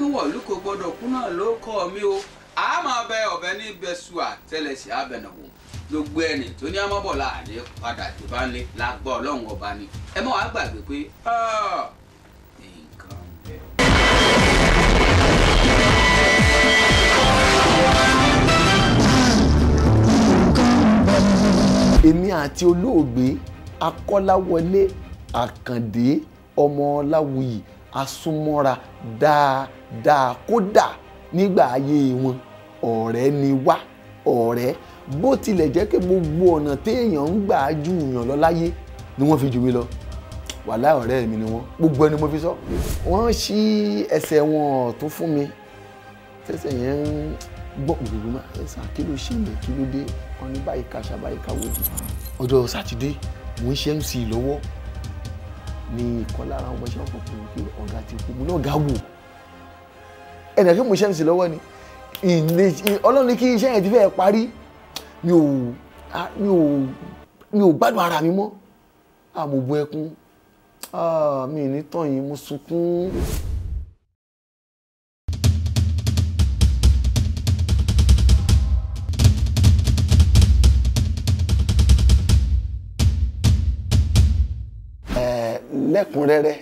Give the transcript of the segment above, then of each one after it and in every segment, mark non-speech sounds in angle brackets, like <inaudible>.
akínwọ̀lú kò gbọ́dọ̀ kú náà ló kọ́ mi o a máa bẹ ọ̀bẹ ní bẹ́sù àtẹ́lẹsẹ̀ abẹnàwò gbogbo ẹni tó ní amọ́bọ̀ láàrin padà tó bá ń lágbọ́ ọlọ́run ọba ni ẹ mọ̀ wá pé nǹkan bẹ́ẹ̀. èmi àti olóògbé akọ́láwọlé àkàndé ọmọ asúnmọ́ra dáadáa kódà nígbà ayé wọn ọ̀rẹ́ ni wá ọ̀rẹ́ bó tilẹ̀ jẹ́ pé gbogbo ọ̀nà téèyàn ń gbà ju èèyàn lọ láyé ni wọ́n fi jù mí lọ wàhálà ọ̀rẹ́ mi ni wọ́n gbogbo ẹni mo fi sọ. wọ́n ṣí ẹsẹ̀ wọn tó fún mi tẹ́sẹ̀ yẹn ń gbọ́ òdòdó máa ẹ sàn kí ló ṣe ilẹ̀ kí ló dé ọ ní báyìí ká ṣàbáyìí ká ọjọ́ sátidé mò ń ṣe MC lọ́wọ́ ni ìkan lára ọmọ iṣẹ́ ọkọ̀ pé pé ọ̀gá ti kú mo náà ga wò ẹnì kí mo ṣe ń sìn lọ́wọ́ ni ọlọ́run ní kí iṣẹ́ yẹn ti fẹ́ parí mi ò mi gbádùn ara mi mọ́ àmọ́ bu ẹkún mi ò ní tàn yín mo sunkún. lẹ́kùnrẹ́rẹ́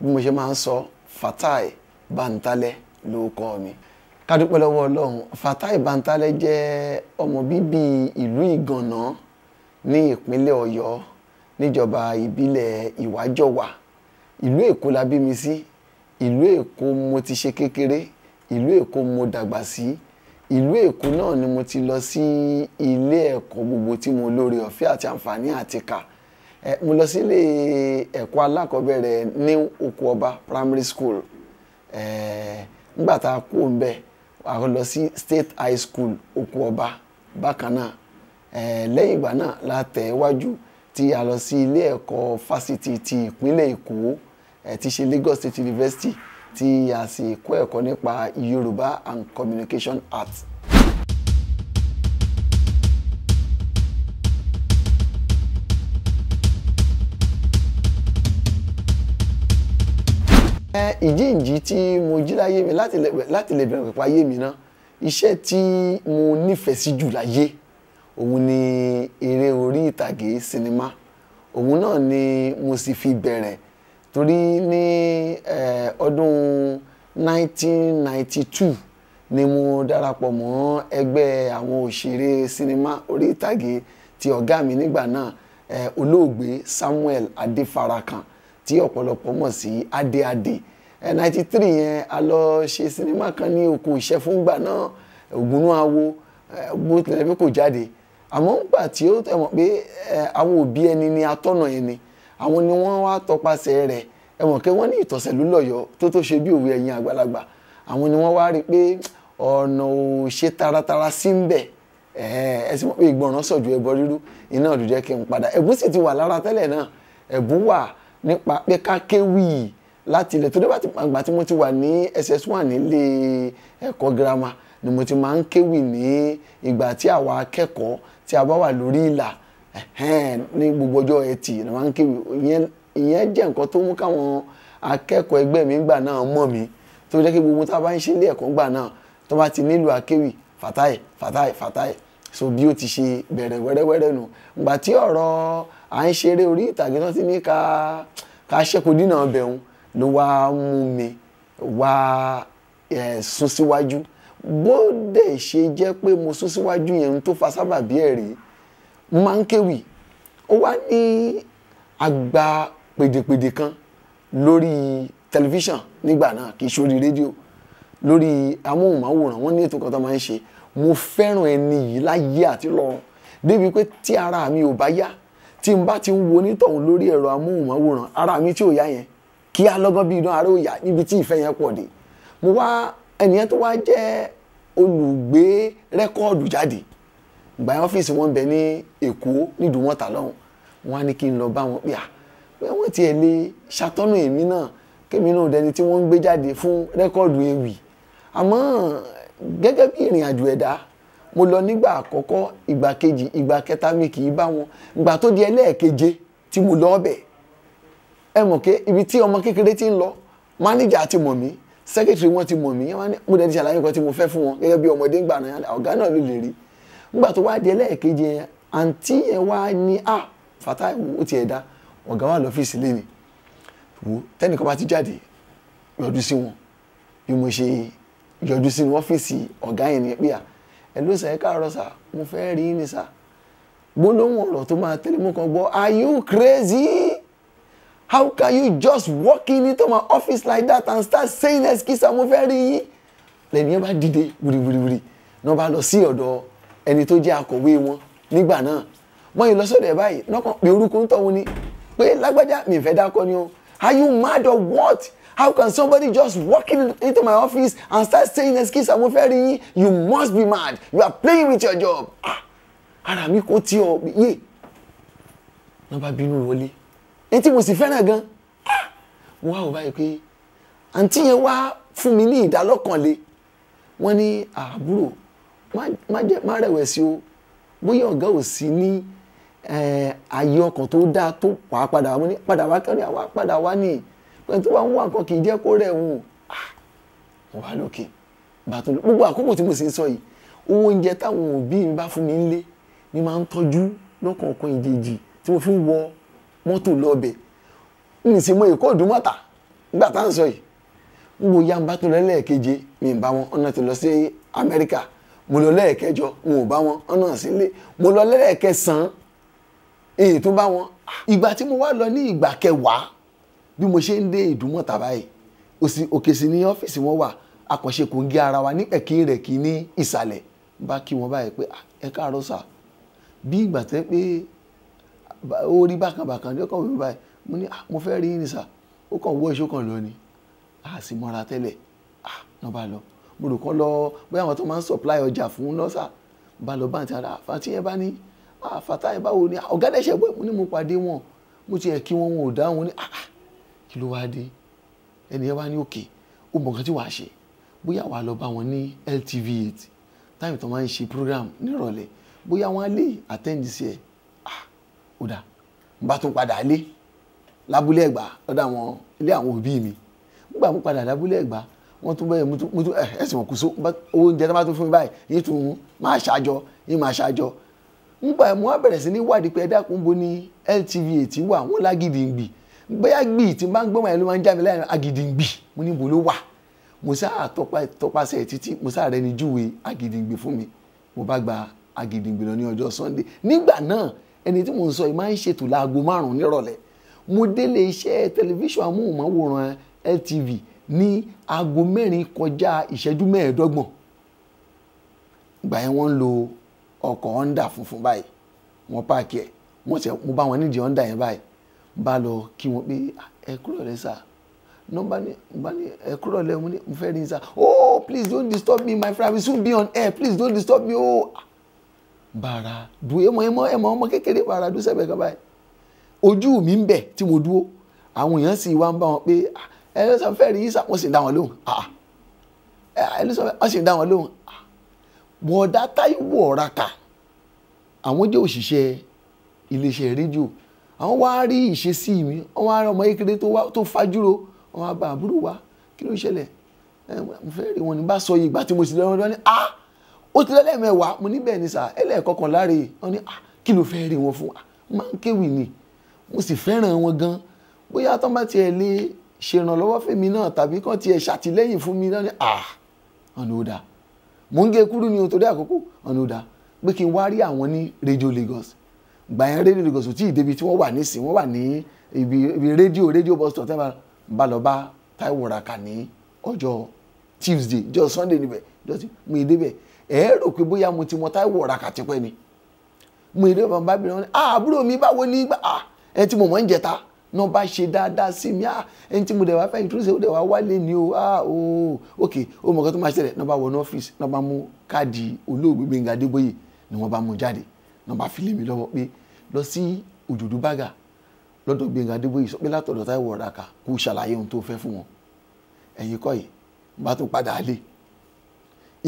bí mo ṣe máa ń sọ Fatai Bantale lórúkọ mi ká dúpẹ́ lọ́wọ́ Ọlọ́run Fatai Bantale jẹ́ ọmọ bíbí ìlú Ìgànná ní ìpínlẹ̀ Ọ̀yọ́ níjọba ìbílẹ̀ Ìwájọwà ìlú Èkó la bí mi sí ìlú Èkó mo ti ṣe kékeré ìlú Èkó mo dàgbà sí ìlú Èkó náà ni mo ti lọ sí ilé ẹ̀kọ́ gbogbo tí mo lóore ọ̀fẹ́ àti àǹfààní àti kà mo lọ sílé ẹ̀kọ́ alákọ̀ọ́bẹ̀rẹ̀ ní oko ọba primary school nígbà tá a kú òǹbẹ a lọ sí state high school oko ọba bákan náà lẹ́yìn ìgbà náà la tẹ̀ wájú tí a lọ sí ilé ẹ̀kọ́ fásitì ti ìpínlẹ̀ èkó ti ṣe Lagos State University tí a sì kọ́ ẹ̀kọ́ nípa Yorùbá and Communication Arts ìjíǹjí tí mo jí láyé mi láti lè bẹ̀rẹ̀ pípa ayé mi náà iṣẹ́ tí mo nífẹ̀ẹ́ sí jù láyé òun ni eré orí ìtàgé sinimá òun náà ni mo sì fi bẹ̀rẹ̀ torí ní ọdún 1992 ni mo darapọ̀ mọ́ ẹgbẹ́ àwọn òṣèré sinimá orí ìtàgé ti ọ̀gá mi nígbà náà olóògbé Samuel Adéfarakan tí ọ̀pọ̀lọpọ̀ mọ̀ sí adéadé ninety three yẹn a lọ ṣe sinimá kan ní oko ìṣẹ́ fúngbà náà ògùnú awo bó tilẹ̀ pé kò jáde àmọ́ ńgbà tí ó tẹ̀ mọ̀ pé àwọn òbí ẹni ni atọ́nà yẹn ni àwọn ni wọ́n wá tọpasẹ̀ rẹ̀ ẹ̀wọ̀n kí wọ́n ní ìtọ̀sẹ̀ ló lọ́yọ̀ tó tó ṣe bí òwe ẹ̀yìn àgbàlagbà àwọn ni wọ́n wá rí i pé ọ̀nà ò ṣe taratara sí ń bẹ̀ ẹ sì mọ̀ pé ìgbọràn sọ̀jù ẹbọ rírú iná ló jẹ́ kí n padà ẹ̀bùn sì ti wà lára tẹ́lẹ̀ náà ẹ̀bùn wà nípa pé ká kéwì láti ilẹ̀ tó dé bá ti àgbà tí mo ti wà ní ss1 nílé ẹ̀kọ́ girama ni mo ti máa ń kéwì ní ìgbà tí àwa akẹ́kọ̀ọ́ tí a bá wà lórí ìlà ní gbogbo ọjọ́ ẹtì ni wọ́n ń kéwì ìyẹn jẹ́ nǹkan tó mú káwọn akẹ́kọ̀ọ́ ẹgbẹ́ mi gbà náà mọ̀ mí tó jẹ́ kí gbogbo tá a bá ń ṣe ilé ẹ̀kọ́ gbà náà tó bá ti nílò akéwì fàtáì fàtáì fàtáì so bí ó ti ṣe bẹ̀rẹ̀ wẹ́rẹ́wẹ́rẹ́ nù ìgbà tí ọ̀rọ̀ à ń ṣeré orí ìtàgé náà ti ní ká ká ṣẹ́kù dínà ọbẹ̀ òun ló wá mú mi wá sún síwájú bó dẹ̀ ṣe jẹ́ pé mo sún síwájú yẹn tó fa sábàbí ẹ̀ rèé máa ń kéwì ó wá ní àgbà pèdèpèdè kan lórí tẹlifíṣàn nígbà náà kì í sórí rédíò lórí amóhùnmáwòrán wọn ní ètò kan tó máa ń ṣe mo fẹ́ràn ẹni yìí láyé àti lọ́run débi pé tí ara mi ò bá yá tí n bá ti ń wo onítọ̀hún lórí ẹ̀rọ amóhùnmáwòrán ara mi tí ò yá yẹn kí á lọ́gán bí idán ara ò yá níbi tí ìfẹ́ yẹn pọ̀ dé mo wá ẹnìyẹn tó wá jẹ́ olùgbé rẹ́kọ́ọ̀dù jáde gbàyà ọ́fíìsì wọn bẹ ní Èkó nídùúmọ́ta lọ́hùn wọn á ní kí n lọ bá wọn pé à pé wọ́n tiẹ̀ lè ṣàtọ́nù èmi náà kémi náà dẹni tí wọ́n ń gbé jáde fún rẹ́kọ́ọ̀dù ewì àmọ́ gẹ́gẹ́ bí ìrìn ẹ̀dá mo lọ nígbà àkọ́kọ́ ìgbà kejì ìgbà kẹta mi kì í bá wọn ìgbà tó di ẹlẹ́ẹ̀keje tí mo lọ ọbẹ̀ ẹ mọ̀ pé ibi tí ọmọ kékeré ti ń lọ mánéjà ti mọ̀ mí sẹ́kẹ̀tìrì wọn ti mọ̀ mí mo dẹ̀ ti ṣàlàyé nǹkan tí mo fẹ́ fún wọn gẹ́gẹ́ bí ọmọdé ń gbà náà ọ̀gá náà ló lè rí nígbà tó wá di ẹlẹ́ẹ̀keje yẹn àǹtí yẹn wá ní à Fatai ó ti ẹ̀ dá sí wọn bí mo ṣe yọjú sí ọ́fíìsì ọ̀gá yẹn ni pé à ẹ̀ló sẹ̀ káàárọ̀ sà mo fẹ́ rí ni sà gbólóhùn ọ̀rọ̀ tó máa tẹ̀lé mú kan gbọ́ are you crazy how can you just walk in into my office like that and start saying excuse mo fẹ́ rí yín lẹ́nìyẹn bá dìde wìrìwìrì náà bá lọ sí ọ̀dọ̀ ẹni tó jẹ́ akọ̀wé wọn nígbà náà wọ́n yìí lọ sọ́dọ̀ ẹ̀ báyìí náà kàn pé orúkọ ń tọ́ wọn ni pé lágbájá mi fẹ́ dákọ́ ni o are you mad or what? how can somebody just walk in, into my office and start saying excuse amofẹ́riyín you must be mad you are playing with your job ah ara mi kò tí ọ yé wọn bá bínú wọlé etí mo sì fẹ́ràn gan ah mo wá wò báyìí pé àǹtí yẹn wá fún mi ní ìdálọ́kànlé wọ́n ní àbúrò má rẹ̀wẹ̀sì o bóyá ọ̀gá ò sí ní ààyè ọkàn tó dáa tó pàápàdà wá ní padà wá kẹ́rin àwa padà wá nìyí pé tó bá ń wá nǹkan kì í jẹ́ kó rẹ̀ wò ó ah, wà lókè bàtún gbogbo àkókò tí mo sì ń sọ yìí owó oúnjẹ táwọn òbí mi bá fún mi ń lé ni máa ń tọ́jú lọ́kọ̀ọ̀kan ìjèjì tí mo fi ń wọ mọ́tò lọ́ọ̀bẹ̀ n sì mọ èkó ìdúmọ̀tà nígbà tá à ń sọ yìí n wo yamba tó lọ lẹ́ẹ̀keje mi ì bá wọn ọ̀nà tó lọ sí Amẹ́ríkà mo lọ lẹ́ẹ̀kẹjọ n ò bá wọn ọ̀nà sílé mo lọ lẹ́ẹ̀kẹsàn-án èyí tó bá wọn ah, ìgbà tí mo wá lọ ní ìgbà kẹwàá bí mo ṣe ń dé ìdúmọ̀tà báyìí òsì òkè sí ní ọ́fíìsì wọn wà akànṣe kò ń gé ara wa ní pẹ̀kí rẹ̀ kí ní ìsàlẹ̀ bá kí wọn báyìí pé ẹ káàárọ̀ sà bí ìgbà tẹ́ pé ó rí bákan bákan lọ́kàn mi báyìí mo ní mo fẹ́ rí ní sà ó kàn wọ ìṣó kan lọ ni a sì mọ́ra tẹ́lẹ̀ náà bá lọ mo rò kán lọ bóyá àwọn tó máa ń supply ọjà fún nọ́sà bá lọ báńtì ara àfàtì yẹn bá ní àfàtà yẹn báwo ni ọ̀gá dẹ̀ṣẹ̀ bọ́ mo ní mo pàdé wọn mo ti ẹ̀ kí wọn wọn ò dáhùn ní àhà kí ló wáá dé ẹni ẹ wá ní òkè ó mọ nǹkan tí wàá ṣe bóyá wàá lọ bá wọn ní LTV eight táyì tó máa ń ṣe program nírọ̀lẹ́ bóyá wọn á lè àtẹ́ǹdì sí ẹ̀ ah ó dà n bá tún padà lé lábúlé ẹ̀gbá lọ́dọ̀ àwọn ilé àwọn òbí mi nígbà mú padà lábúlé ẹ̀gbá wọ́n tún bẹ́ẹ̀ mú tún ẹ̀sìn wọn kù só oúnjẹ tó bá tún fún mi báyìí yín tún máa ṣàjọ yín máa ṣàjọ nígbà mú wá bẹ̀rẹ̀ sí ní wádìí pé ẹ dákun bo ni LTV eight wà wọ́n lágídí bóyá gbì tí bá ń gbọ́mọ̀ ẹ̀ ló máa ń já mi láàrin agídíngbì mo ní ibo ló wà mo sáà tọpasẹ̀ títí mo sáà rẹni júwe agídíngbì fún mi mo bá gba agídíngbì lọ ní ọjọ́ sunday nígbà náà ẹni tí mo ń sọ yìí máa ń ṣètò láago márùn-ún nírọ̀lẹ́ mo délé iṣẹ́ tẹlifíṣàn amóhùnmáwòrán LTV ní aago mẹ́rin kọjá ìṣẹ́jú mẹ́ẹ̀ẹ́dọ́gbọ̀n ìgbà yẹn wọ́n ń lo ọkọ̀ honda funfun báyìí wọ́n páàkì ẹ̀ mo bá wọn nídìí honda yẹn báyìí bá lọ kí wọn pé ah, ẹ kúrò lẹ sà nọmba ni nọmba ni ẹ kúrò lẹ mo ní mo fẹ́ rí sà oh please don't disturb me my friend we soon be on air please don't disturb me oh ah. bàrà du ẹmọ ẹmọ ẹmọ ọmọ kékeré bàrà du sẹbẹ kaba ẹ ojú mi ń bẹ tí mo dúró àwọn èèyàn sì wá ń bá wọn pé ah, ẹ ló sọ fẹ́ rí sà wọ́n sì dá wọn lóhùn eh, ẹ ló sọ fẹ́ wọ́n sì dá wọn lóhùn bọ̀dá Táíwò Ọ̀ràkà àwọn jẹ́ òṣìṣẹ́ iléeṣẹ́ rédíò àwọn wá rí ìṣesí mi wọ́n wá rí ọmọ kékeré tó fajúro wọ́n wá bá àbúrò wa kí ló ń ṣẹlẹ̀ mo fẹ́ rí wọn ní bá sọ yìí ìgbà tí mo sì lọ́wọ́ ní ah ó ti lọ́lẹ́ mẹ́wàá mo ní bẹ́ẹ̀ ni sà ẹlẹ́ẹ̀kọkàn láre wọ́n ní ah kí ló fẹ́ rí wọn fún wa ah, máa ń kéwì ni mo sì fẹ́ràn wọn gan bóyá tán bá tiẹ̀ lè ṣèrànlọ́wọ́ fèmí náà tàbí kàn tiẹ̀ ṣàtìlẹ́yìn fún mi náà ni ah ọ̀nà ò dáa mò ń gé e kúrú ni o torí àkókò ọ̀nà ò dáa pé kí n wá rí àwọn ní Radio Lagos gbà yẹn rédíò Lagos ò tí ì débi tí wọ́n wà nísìnyí wọ́n wà ní ibi rédíò rédíò bus stop tẹ́lẹ̀ bá lọ bá Táíwò Ràkà ní ọjọ́ Tuesday jọ Sunday níbẹ̀ jọ ti mi ì débẹ̀ ẹ̀ rò pé bóyá mo ti mọ Táíwò Ràkà tipẹ́ ni mo ì débẹ̀ bá bìrì wọn ni àbúrò mi báwo ni ah, ẹ ti mọ̀ mọ́ ń jẹta náà bá ṣe dáadáa sí mi ah ẹni tí mo dẹ̀ wá fẹ́ ìtúrúṣe ó dẹ̀ wá wálé ni o ah ooo ok ó mọ̀ kan tó máa ṣẹlẹ̀ náà bá wọnú ọ́fíìsì náà bá mú káàdì olóògbé Gbẹ́ngà ni wọ́n bá mú jáde náà bá fi lé mi lọ́wọ́ pé lọ sí òjòdú bága lọ́dọ̀ Gbẹ́ngà Adébóyè sọ pé látọ̀dọ̀ Táíwò Ọ̀ràkà kó ṣàlàyé ohun tó fẹ́ fún wọn ẹ̀yin kọ́ yìí bá tó padà lé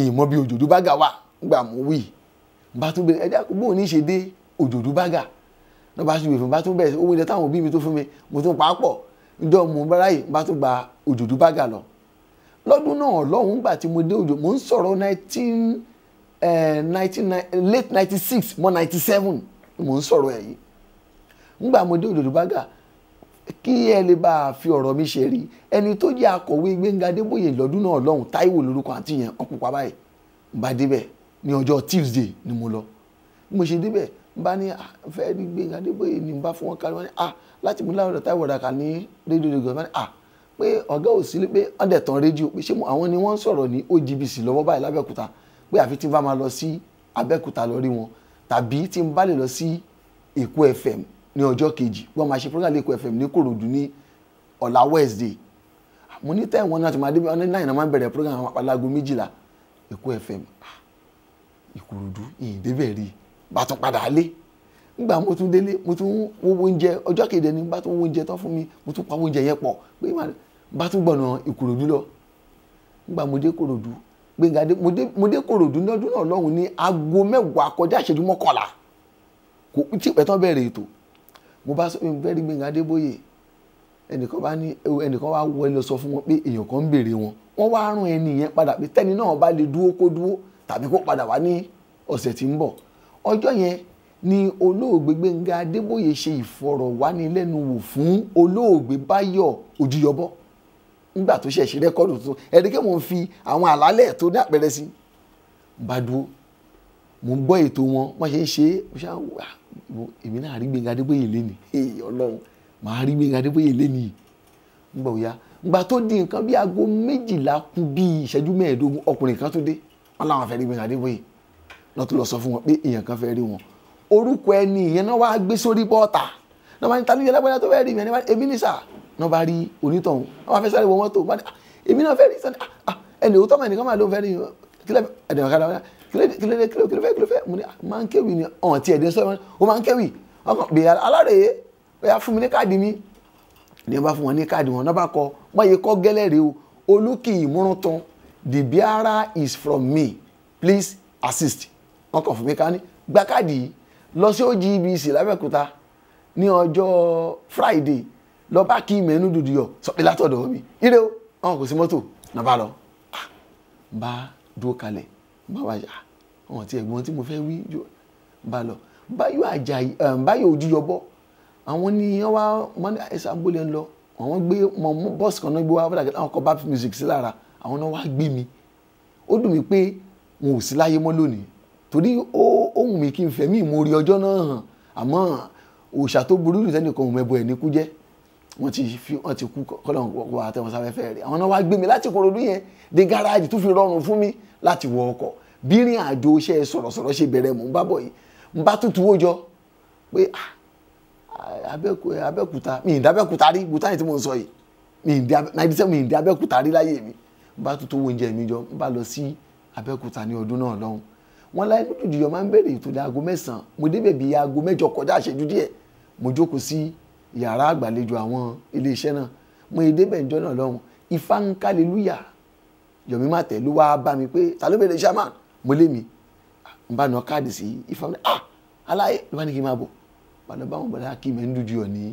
ìmọ̀ bí òjòdú bága wà gbà mú wì bá tó bẹ̀rẹ̀ ẹ̀dá bóun ní ṣe dé òjòdú bága náà bá tún gbè fún bá tún bẹ̀rẹ̀ owó ilẹ̀ táwọn òbí mi tó fún mi mo tún pa á pọ̀ ǹjọ́ mo bára yìí bá tún gba òjòdú bága lọ lọ́dún náà lọ́hùn gbà tí mo dé òjò mo ń sọ̀rọ̀ nineteen eh, late ninety six mọ́ ninety seven mò ń sọ̀rọ̀ ẹ̀ yìí ńgbà mo dé òdòdó bága kí ẹ lè bá a fi ọ̀rọ̀ mi ṣe rí ẹni tó jẹ́ akọ̀wé Gbẹ́ngà Adébóyè lọ́dún náà lọ́hùn Táíwò lórúkọ àǹtí yẹn ọ̀pọ̀ pa báyìí ń bá débẹ̀ ní ọjọ́ Tuesday ni mo lọ bí mo ṣe débẹ̀ ń bá ní ah, fẹ́ rí Gbẹ́ngà Adébóyè ni ń bá fún wọn kárí wọn ní à ah, láti mú láwọn ọ̀dọ̀ Táíwò Ràkà ní rédíò rẹ̀ gbọ́n à pé ọ̀gá ò sí pé ọ̀dẹ̀ tán rédíò pé ṣé àwọn ni wọ́n ń sọ̀rọ̀ ní OGBC lọ́wọ́ báyìí lábẹ́òkúta pé àfi tí n máa lọ sí Abẹ́òkúta lọ rí wọn tàbí tí n bá lè lọ sí Èkó FM ní ọjọ́ kejì wọ́n máa ṣe program Èkó FM ní Kòròdú ní ọ̀la Wednesday mo ní tẹ́ wọn náà tí mo adé ní náà máa ń bẹ̀rẹ̀ program alágo méjìlá Èkó FM ah, Ìkòròdú ìyìn débẹ̀ rí bá tún padà lé nígbà mo tún délé mo tún wo oúnjẹ ọjọ́ kejì ni bá tún wo oúnjẹ tán fún mi mo tún pa oúnjẹ yẹn pọ̀ pé bá tún gbọ̀nà Ìkòròdú lọ nígbà mo dé Kòròdú gbẹ̀ngà mo dé kòròdú lọ́dún náà lọ́hùn ní aago mẹ́wàá kọjá ìṣẹ́jú mọ́kànlá kò tí ìpẹ́ tán bẹ̀rẹ̀ ètò mo bá sọ pé mo fẹ́ rí Gbẹ̀ngà Adébóyè ẹnìkan bá ní ẹnìkan wá wọlé sọ fún wọn pé èèyàn kan ń béèrè wọn wọ́n wá rún ẹni yẹn padà pé tẹ́ni náà bá lè dúró kó dúró tàbí kó padà wá ní ọ̀sẹ̀ tí ń bọ̀ ọjọ́ yẹn ni olóògbé Gbẹ̀ngà Adébóyè ṣe ìfọ̀rọ̀wánilẹ́nuwò fún olóògbé Báyọ̀ Òjúyọbọ́ nígbà tó ṣẹ̀ṣẹ̀ rẹ́kọ́dù tuntun ẹ̀rí kí mò ń fi àwọn àlálẹ̀ tó ní àpẹẹrẹ sí bá dúró mò ń gbọ́ ètò wọn wọ́n ṣe ń ṣe mo ṣe wà èmi náà rí Gbẹ́ngà Adébóyè lẹ́nìí ọlọ́run màá rí Gbẹ́ngà Adébóyè lẹ́nìí ńgbà òya ńgbà tó di nǹkan bí aago méjìlá kù bí ìṣẹ́jú mẹ́ẹ̀ẹ́dógún ọkùnrin kan tó dé wọn làwọn fẹ́ rí Gbẹ́ngà Adébóyè lọ́n tó lọ sọ fún wọn pé èèyàn kan fẹ́ rí wọn orúkọ ẹni ìyẹn náà wá gbé sórí bọ́ọ̀tà náà wọ́n ní ta ló yẹ tó fẹ́ rí mi ẹni wá èmi ní sáà náà bá rí onítọ̀hún wọ́n fẹ́ sáré wọ mọ́tò wọ́n ní ah, èmi náà fẹ́ rí sani ah, ah, ẹnì òótọ́ mà nìkan mà ló ń fẹ́ rí kílẹ̀ ẹ̀dẹ̀ ọ̀kadà wọn kílẹ̀ kílẹ̀ kílẹ̀ fẹ́ kílẹ̀ fẹ́ mo ní máa ń kéwì ni ọ̀hún ti ẹ̀dẹ̀ sọ́yìn O máa ń kéwì ọkàn bèèrè alárèé bóyá fún mi ní káàdì mi ní wọ́n bá fún wọn ní káàdì wọn náà bá kọ wọ́n yẹ kọ́ gẹ́lẹ́ rèé o olùkì the bearer is from me please assist wọ́n kàn fún mi ká ní gba káàdì yìí lọ ní ọjọ́ Friday lọ bá kí mẹ́nu dùdú yọ sọpé látọ̀dọ̀ mi ire o àwọn kò sí mọ́tò náà bá lọ. bá dúró kalẹ̀ bá wà yá àwọn tí ẹ̀gbọ́n tí mo fẹ́ wí bá lọ báyọ̀ àjàyí báyọ̀ ojú yọ bọ́ àwọn ni wọ́n wá mọ́ni ẹ̀sà gbólẹ̀ ń lọ àwọn gbé bọ́ọ̀sì kan náà gbé wá fúdàgẹ́ àwọn kọ bá music sí lára àwọn náà wá gbé mi ó dùn mí pé wọn ò sí láyé mọ́ lónìí torí ohun mi kí n fẹ̀mí ìmoore ọjọ́ náà hàn àmọ́ òòṣà tó burú jù sẹ́nìkan òun ẹ̀bọ ẹ̀ ní jẹ́ wọ́n ti fi wọ́n ti kú kọ́lọ́n wọ àtẹ̀wọ̀n sáfẹ́fẹ́ rẹ̀ àwọn náà wá gbé mi láti Ìkòròdú yẹn dé gáràjì tó fi rọrùn fún mi láti wọ ọkọ̀ bí rìn àjò iṣẹ́ sọ̀rọ̀sọ̀rọ̀ ṣe bẹ̀rẹ̀ mò ń bá bọ̀ yìí ń bá tútù wó jọ pé ah, Abẹ́òkúta mi ì dábẹ́òkúta rí bùtá yìí tí mo ń sọ yìí mi ì dábẹ́òkúta rí láyé mi ń bá tútù wó oúnjẹ mi jọ ń bá lọ sí Abẹ́òkúta ní ọdún náà lọ́hùn wọn láyé lójijì yọ máa ń bẹ̀rẹ̀ ètò ní aago mẹ́sàn-án mo débẹ̀ bíi aago mẹ́jọ kọjá àṣẹjú díẹ̀ mo jókòó sí yàrá àgbàlejò àwọn iléeṣẹ́ náà mo èdè bẹ̀ǹjọ́ náà lọ́hùn ifá ń kálelúyà Yomi Martell ló wáá bá mi pé ta ló bẹ̀rẹ̀ iṣẹ́ mo lé mi n bá nà káàdì sí ifá mi ah aláyé ló bá ní kí n máa bọ̀ bàdàn báwọn bọ̀dá kí mi ń dúdú ọ ní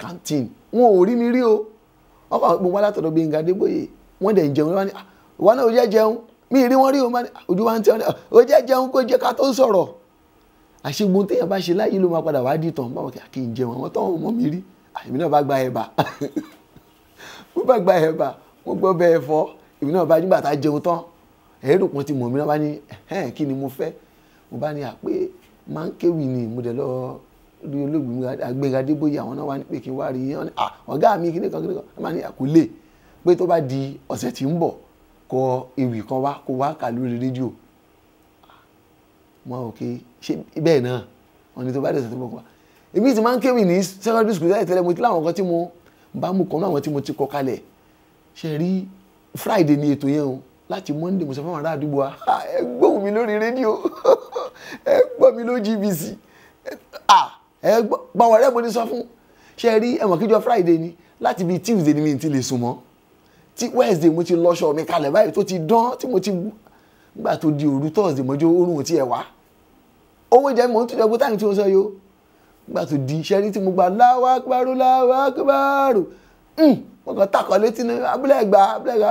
kàńtìn wọn ò rí mi rí o wọn kàn gbọ́n wá látọ̀dọ̀ Gbénga Adébóyè wọn dẹ̀ ń jẹun wọn ni ah, wọn náà ò jẹ́ jẹun mi ì o ojú wa ń tẹ́ wọn ni àṣegun téèyàn bá ṣe láyé ló máa padà wá di tàn báwọn kí n jẹun àwọn tọ́wọ́n mọ́ mi rí èmi náà bá gba ẹ̀bà <laughs> mo bá gba ẹ̀bà mo gbọ́ bẹ́ẹ̀ fọ́ èmi náà bá nígbà tá a jẹun tán ẹ̀rù kan ti mọ̀ mí náà bá ní ẹ̀hẹ́n kí ni mo fẹ́ mo bá ní àpé máa ń kéwì ni mo dẹ̀ lọ rí olóògbé Agbénga Adébóyè àwọn náà wá ní pé kí n wá rí i ọ̀gá mi kíní kan kíní kan wọ́n máa ní ṣe bẹ́ẹ̀ náà ọ̀nà tó bá dẹ̀ sọ̀tọ̀ bọ̀kọ̀ èmi ti máa ń kéwì ní secondary school láì tẹ́lẹ̀ mo ti láwọn kan tí mo bá mú kan náà àwọn tí mo ti kọ kalẹ̀ ṣe rí friday ni ètò yẹn o láti monday mo sọ fún àwọn ará àdúgbò wa ẹ gbóhùn mi lórí rédíò <laughs> ẹ gbọ́ mi ló gbc ẹ gbọ́ báwọn ọ̀rẹ́ mo ní sọ fún ṣe rí ẹ̀wọ̀n kíjọ friday ni láti bíi tuesday ni mi ti lè sùn mọ́ tí wednesday mo ti lọ́ṣọ mi kalẹ̀ báyìí tó ti dán tí mo ti gbà tó di òru thursday mọ́jọ́ orun ò tiẹ̀ wá owó jẹ́ mò ń tún jọgbó táyì tí mo sọ yìí o nígbà tó di iṣẹ́ rí tí mo gba láwa akpárò láwa akpárò hmm, mo kàn takọ̀ létí ní abúlé ẹ̀gbá abúlé ẹ̀gbá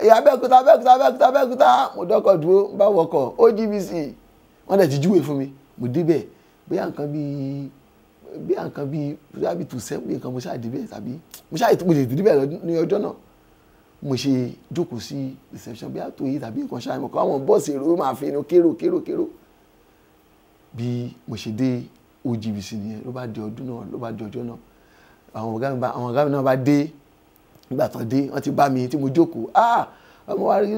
ẹ̀yà abẹ́òkúta abẹ́òkúta abẹ́òkúta abẹ́òkúta mo dọ́kọ̀ dúró bá wọkọ̀ OGBC wọ́n dẹ̀ ti júwe fún mi mo débẹ̀ bóyá nǹkan bíi bóyá nǹkan bíi bóyá bíi tùsẹ́ bóyá nǹkan mo ṣáà débẹ̀ tàbí mo ṣáà mo lè débẹ̀ ní ọjọ́ náà mo ṣe jókòó sí reception bóyá tó yí tàbí nǹkan ṣáà mo kọ́ àwọn bọ́ọ̀sì èrò máa fi inú kérò kérò kérò bí mo ṣe dé OGBC nìyẹn ló bá di ọdún náà ló bá di ọjọ́ náà àwọn ọ̀gá mi bá àwọn ọ̀gá mi náà bá dé nígbà tán dé wọ́n ti bá mi tí mo jókòó ah ọmọ wa rí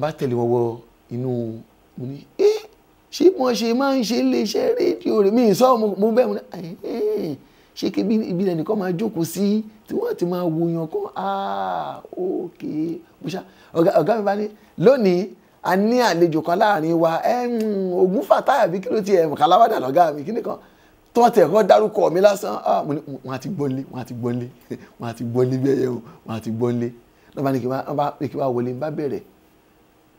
bá tẹ̀lé wọn wọ inú mo ní ẹ́ eh, ṣé mo ṣe máa ń ṣe iléeṣẹ́ rédíò rẹ̀ mí sọ mo bẹ́ẹ̀ mo ní ẹ́ eh, eh, ṣé kébí ibi ẹnìkan máa jókòó sí tí wọ́n ti máa wo yan kan ah ok ọ̀gá mi bá ní lónìí a ní àlejò kan láàrin wa ogun mm, fàtà àbí kí ló ti ẹ̀ kàláwádà lọ́gá mi kí nìkan tó tẹ̀ kọ́ dárúkọ mi lásán ah, mo ní wọn àti gbọ́nlé wọn àti gbọ́nlé <laughs> wọn àti gbọ́nlé bí ẹyẹ o wọn àti gbọ́nlé lọ́ba ní kí wá wọlé bá bẹ̀rẹ̀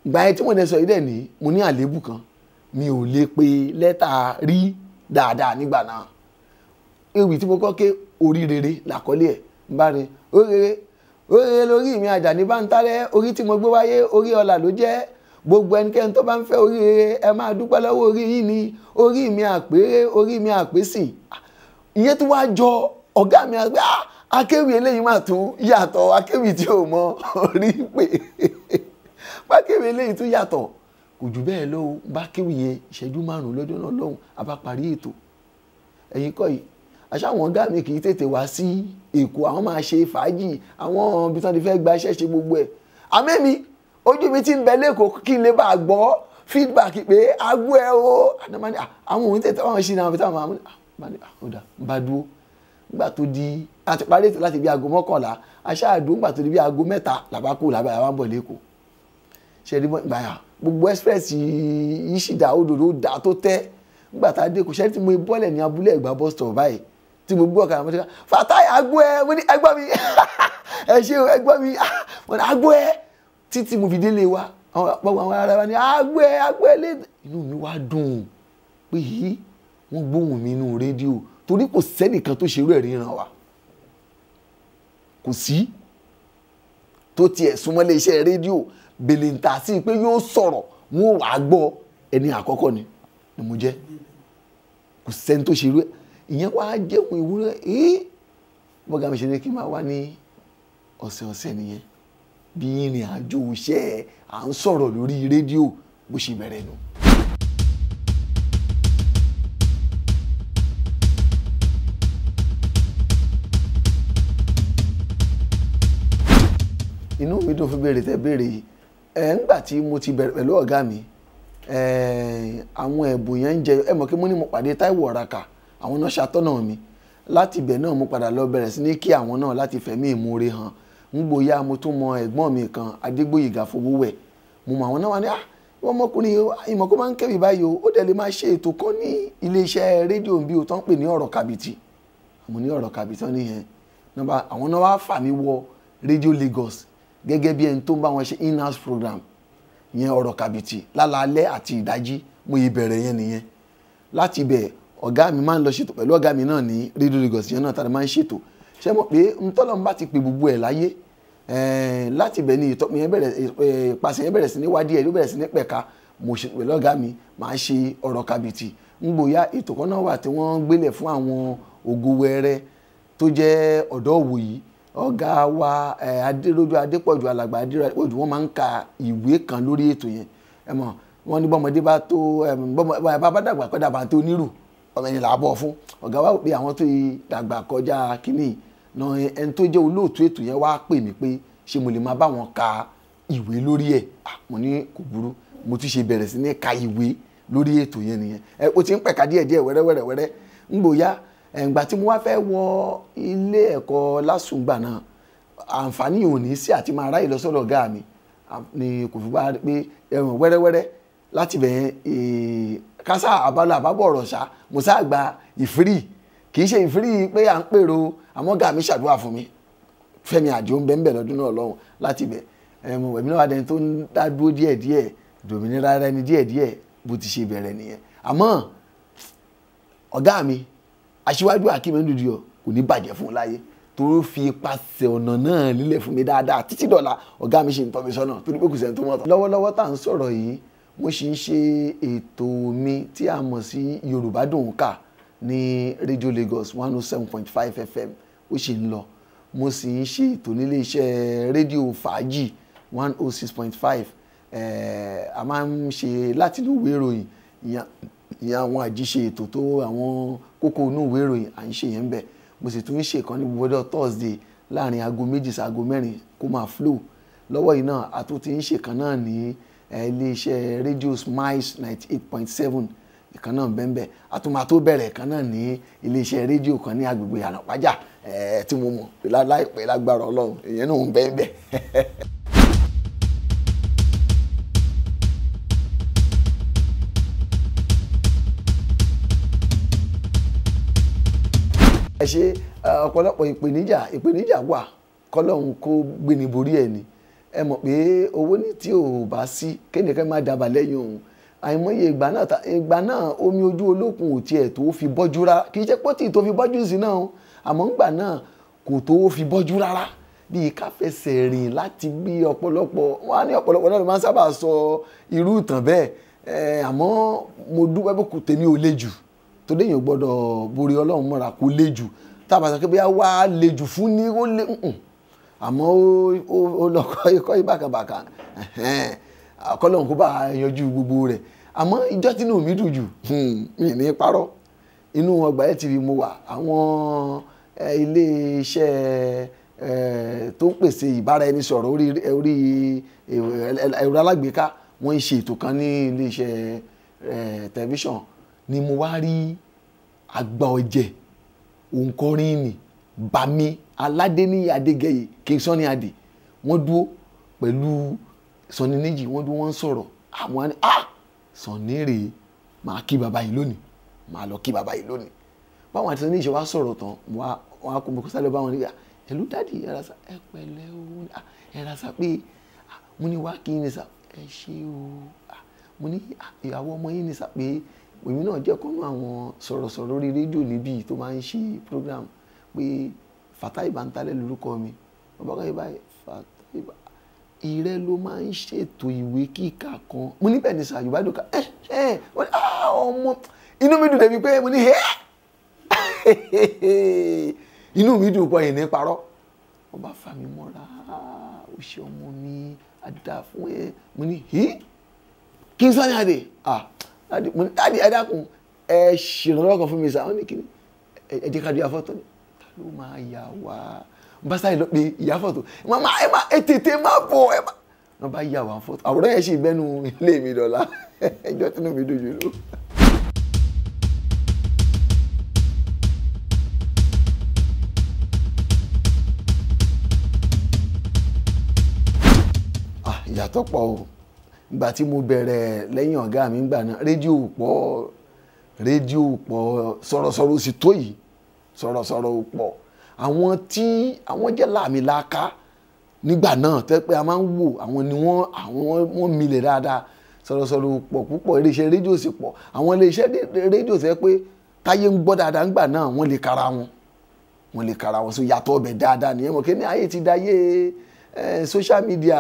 ìgbà yẹn tí mo dẹ̀ sọ yìí dẹ̀ ní mo ní àlébù kan mi ò lè pe lẹ́tà rí dáadáa nígbà náà ewì tí mo kọ́ ké orí rere làkọ́lé ẹ̀ ń bá rin ó rere ó rere lórí mi àjà ní bá ń tarẹ́ orí tí mo gbé wáyé orí ọlà ló jẹ́ gbogbo ẹnikẹ́ni tó bá ń fẹ́ oríire ẹ máa dúpẹ́ lọ́wọ́ orí yìí ni orí mi àpérè orí mi àpésì ìyẹn tó wá jọ ọ̀gá mi àgbà ah, akéwì eléyìí mà tún yàtọ̀ akéwì tí ò mọ orí pé <laughs> bákéwì eléyìí tún yàtọ̀ kò jù bẹ́ẹ̀ lọ bákéwì yẹn ìṣẹ́jú márùn-ún lọ́jọ́ náà lọ́hùn a ètò ẹ̀yin kọ́ yìí àṣàwọn ọ̀gá mi kì í tètè wá sí èkó àwọn máa ṣe fàájì àwọn ibi tí wọ́n ti fẹ́ gba iṣẹ́ ṣe gbogbo ẹ̀ àmẹ́mi ojú mi ti ń bẹ lẹ́kọ̀ọ́ kí n lè bá a gbọ́ feedback pé agbó ẹ o àdàmánì ah, àwọn òun tètè wọn ṣì ní àwọn fìtàwọn àmúni àmàlẹ àkọdà bá dúró nígbà tó di àti parí ètò láti bí aago mọ́kànlá aṣáàdùn nígbà tó di bí aago mẹ́ta làbá kú làbá yàrá ń bọ̀ lẹ́kọ̀ọ́ ṣe ní gbà yà gbogbo express yìí ṣì dá òdòdó dá tó tẹ́ nígbà tá a dé kò ṣe tí mo bọ́lẹ̀ ní abúlé ẹ̀gbá bus stop báyìí tí mo gbọ́ ọ̀kadà mo ká Fatai agbó ẹ mo ní ẹgbọ́ mi <laughs> ẹ ṣe ẹgbọ́ mi <laughs> mo ní agbó ẹ títí mo fi délé wa àwọn ará wa ní àgbẹ̀ àgbẹ̀ lé inú mi wá dùn pé yìí wọ́n gbóhùn mi nínú rédíò torí kò sẹ́nìkan tó ṣerú ẹ̀ ríran wa kò sí tó tiẹ̀ súnmọ́ iléeṣẹ́ rédíò bèlèǹtà sí pé yóò sọ̀rọ̀ wọn ò wá gbọ́ ẹni àkọ́kọ́ ni ni mo jẹ́ kò sẹ́ni tó ṣerú ẹ̀ ìyẹn wá jẹ́ òun ìwúrẹ́ ẹ́ bọ́gà mi ṣe ni kí n máa wá ní ọ̀sẹ̀ọ̀sẹ̀ nìyẹn bí ìrìn àjò iṣẹ́ à ń sọ̀rọ̀ lórí rédíò bó ṣe bẹ̀rẹ̀ nù. inú mi dùn fún béèrè tẹ béèrè yìí ẹ ńgbà tí mo ti bẹ̀rẹ̀ pẹ̀lú ọ̀gá mi àwọn ẹ̀bùn yẹn ń jẹ ẹ mọ̀ kí mo ní mo pàdé Táíwò Ọ̀ràkà àwọn náà ṣàtọ́nà mi láti ibẹ̀ náà mo padà lọ bẹ̀rẹ̀ sí ní kí àwọn náà láti fẹ̀mí ìmoore hàn ngbòyà mo tún mọ ẹ̀gbọ́n mi kan adégbòyìgà fowówẹ̀ mo mọ àwọn náà wà ní ah wọ́n mọkùnrin ah, ìmọ̀ kó máa ń kẹ́bi báyìí o ó dẹ̀ lè máa ṣe ètò kan ní iléeṣẹ́ rédíò bí o tán pè ní ọ̀rọ̀ kàbìtì mo ní ọ̀rọ̀ kàbìtì wọn nìyẹn nọ́mbà àwọn náà wàá fà mí wọ rédíò Lagos gẹ́gẹ́ bí ẹni tó ń bá wọn ṣe in-house program yẹn ọ̀rọ̀ kàbìtì lálaalẹ́ àti ìdájí mo yí bẹ̀rẹ̀ yẹn nìyẹn láti ibẹ̀ ọ̀gá mi máa ń lọ ṣètò pẹ̀lú ọ̀gá mi náà ní rédíò Lagos yẹn náà tá ṣé mo pé ntọ́lọ́n bá ti pè gbogbo ẹ̀ láyé eh, láti bẹ̀ ni ìtọ́pẹ́ yẹn bẹ̀rẹ̀ eh, ìpàṣẹ yẹn bẹ̀rẹ̀ sí ní wádìí ẹ̀ ló bẹ̀rẹ̀ sí ní pẹ̀ka mo ṣe pẹ̀lú ọ̀gá mi máa ṣe ọ̀rọ̀ kàbìtì ń gbòyà ètò kan náà wà tí wọ́n gbélé fún àwọn ògo wẹrẹ tó jẹ́ ọ̀dọ́ òwòyí ọ̀gá wa eh, adélójú adépọ̀jù alàgbà adépọ̀jù wọ́n máa ń ka ìwé kan lórí ètò yẹn ẹ mọ̀ wọ́n ní bọ́mọdé bá tó bọ́mọ bá dàgbà kọjá kínní ẹni tó jẹ́ olóòtú ètò yẹn wá pè mí pé ṣé mo lè máa bá wọn ka ìwé lórí ẹ̀ mo ní kò burú mo tún ṣe bẹ̀rẹ̀ sí ní ka ìwé lórí ètò yẹn nìyẹn ẹ o ti ń pẹ̀ka díẹ̀ díẹ̀ wẹ́rẹ́wẹ́rẹ́ wẹ́rẹ́ ń gbòòyà ẹ̀ǹgbà tí mo wá fẹ́ wọ ilé ẹ̀kọ́ lásùngbà náà àǹfààní ò sí àti máa ráyè lọ sọ́dọ̀ mi ni kò fi bá pé ẹ̀wọ̀n wẹ́rẹ́wẹ́rẹ́ láti bẹ̀yẹn kásá àbálọ àbábọ̀ ọ̀rọ̀ ṣá mo sáà gba ìfírì kì í ṣe ìfírì pé à ń pèrò àmọ́ gà mí ṣàdúrà fún mi Fẹ́mi Àjò ń bẹ ń bẹ lọ́dún náà lọ́hùn láti bẹ̀ ẹ̀mọ ẹ̀mí náà wà dẹni tó ń dá dúró díẹ̀ díẹ̀ dòmìnira ara ẹni díẹ̀ díẹ̀ bó ti ṣe bẹ̀rẹ̀ nìyẹn àmọ́ ọ̀gá mi aṣíwájú akínmẹ́ndù diọ kò ní bàjẹ́ fún un láyé tó fi ipasẹ̀ ọ̀nà náà lílẹ̀ fún mi dáadáa títí dọ̀la ọ̀gá mi ṣe ń tọ́ mi sọ́nà torí pé kò sẹ́ni tó mọ̀ tán. lọ́wọ́lọ́wọ́ tá à ń sọ̀rọ̀ yìí mo ṣì ń ṣe ètò mi tí a mọ̀ sí Yorùbá Dùn Ká ní rédíò Lagos one oh seven point five FM ó ṣì ń lọ mo sì ń ṣe ètò nílé iṣẹ́ rédíò fàájì one oh six point five eh, a máa ń ṣe látinú ìwé ìròyìn ìyẹn àwọn àjíṣe ètò tó àwọn kókó inú ìwé ìròyìn à ń ṣe yẹn ń mo sì tún ń ṣe ìkànnì gbọdọ̀ thursday láàrin aago méjì sí aago mẹ́rin kó máa flow lọ́wọ́ yìí náà a tún ti ń ṣe kan náà ní eh, ilé iṣẹ́ rédíò smiles ninety eight point seven ìkan náà bẹ́ẹ̀ àtúmọ̀ tó bẹ̀rẹ̀ kan náà ní iléeṣẹ́ rédíò kan ní agbègbè ànàpájà tí mo mọ̀ pé láìpẹ́ lágbára ọlọ́run ìyẹn náà ń bẹ́ẹ̀ bẹ́ẹ̀. <laughs> ẹ ṣe ọ̀pọ̀lọpọ̀ ìpèníjà ìpèníjà wà kọ́lọ́hún kó gbéni ẹ̀ ni ẹ mọ̀ pé owó ní tí ò bá sí kéde kẹ́ máa dábàá lẹ́yìn òun àìmọye ìgbà náà ìgbà náà omi ojú olókun ò tiẹ̀ tó fi bọ́jú rárá kì í ṣe pọ́tì tó fi bọ́jú sí náà àmọ́ ńgbà náà kò tó fi bọ́jú rárá bíi ká fẹsẹ̀ rìn láti bí ọ̀pọ̀lọpọ̀ wọn á ní ọ̀pọ̀lọpọ̀ náà ló máa ń sábà sọ irú ìtàn bẹ́ẹ̀ àmọ́ mo dúpẹ́ bó kù tèmi ò le jù tó déyìn ò gbọ́dọ̀ borí ọlọ́run mọ́ra kó le jù tábà sọ pé bóyá wá le jù fún ní ó le àmọ́ ó lọ́kọ́ ikọ́ ìbàkàbàkà kọ́lọ́hún kó bá yanjú gbogbo rẹ̀ àmọ́ ìjọ tínú mi dùn jù mí hmm, ní parọ́ inú ọgbà LTV mo wà àwọn ilé iṣẹ́ tó ń pèsè ìbáraẹnisọ̀rọ̀ orí ẹ̀rọ alágbèéká wọ́n ṣe ètò kan ní ilé iṣẹ́ tẹlifíṣàn ni mo wá rí àgbà ọ̀jẹ̀ òǹkọrin nì bàmí aládé ní adégẹyè kí sọ ní adè wọ́n dúró pẹ̀lú. Sunny Níjì wọ́n bí wọ́n ń sọ̀rọ̀ àwọn ni ah Sunny rèé màá kí bàbá yìí lónìí màá lọ kí bàbá yìí lónìí báwọn àti Sunny Níjì wá sọ̀rọ̀ tán wọ́n á kó mọ̀ kó sálẹ̀ báwọn nígbà ah, ẹ̀lú dáàdì ẹ̀rasa ẹ pẹ̀lẹ́ o ah, ẹ̀rasa pé ah, mo ní wá kí ni sà ẹ ṣe o mo ní ìyàwó ọmọ yín ni sà pé èmi náà jẹ́ kọ́nú àwọn sọ̀rọ̀sọ̀rọ̀ orí rédíò níbí tó máa ń ṣe program pé Fatai Bantale lórúkọ mi bàbá kan yìí báyìí Fatai Bantale ìrẹ ló máa ń ṣètò ìwé kíkà kan mo níbẹ̀ ní sàyùbá dùkà ẹ ẹ wọ́n ní ah, ọmọ inú mi dùn débi pé mo ní ẹ <laughs> inú mi dùn pọ̀ yìí ní parọ́ wọ́n bá fà mí mọ́ra ó ah, ṣe ọmọ mi àdá fún ẹ mo ní hí kí n sáré àdè ah mo ní dáàdì ẹ dákun ẹ ṣèrànlọ́kàn fún mi sá wọ́n ní kí ni ẹ jẹ́ ká di afọ́tọ́ ni ta ló máa yà wá bá sáré lọ pé ìyá fọ́tò màmá ẹ má ẹ tètè má bọ̀ ẹ má wọn bá yà wá fọ́tò àwòrán yẹn ṣì bẹ́nu ilé mi dọ̀la <laughs> ẹjọ́ tínú mi dojú lọ. Ah, ìyàtọ̀ pọ̀ o ìgbà tí mo bẹ̀rẹ̀ lẹ́yìn ọ̀gá mi gbà náà rédíò pọ̀ rédíò pọ̀ sọ̀rọ̀sọ̀rọ̀ sì tó yìí sọ̀rọ̀sọ̀rọ̀ pọ̀ àwọn tí àwọn jẹ́ làmìlaka nígbà náà tẹ́ pé a máa ń wò àwọn ni wọ́n àwọn wọ́n milẹ̀ dáadáa sọ̀rọ̀sọ̀rọ̀ pọ̀ púpọ̀ iléeṣẹ́ rédíò sì pọ̀ àwọn iléeṣẹ́ rédíò tẹ́ pé táyé ń gbọ́ dáadáa ńgbà náà wọ́n lè kara wọn wọ́n lè kara wọn so yàtọ̀ ọbẹ̀ dáadáa nìyẹn mọ̀ kí ni ayé ti da yé social media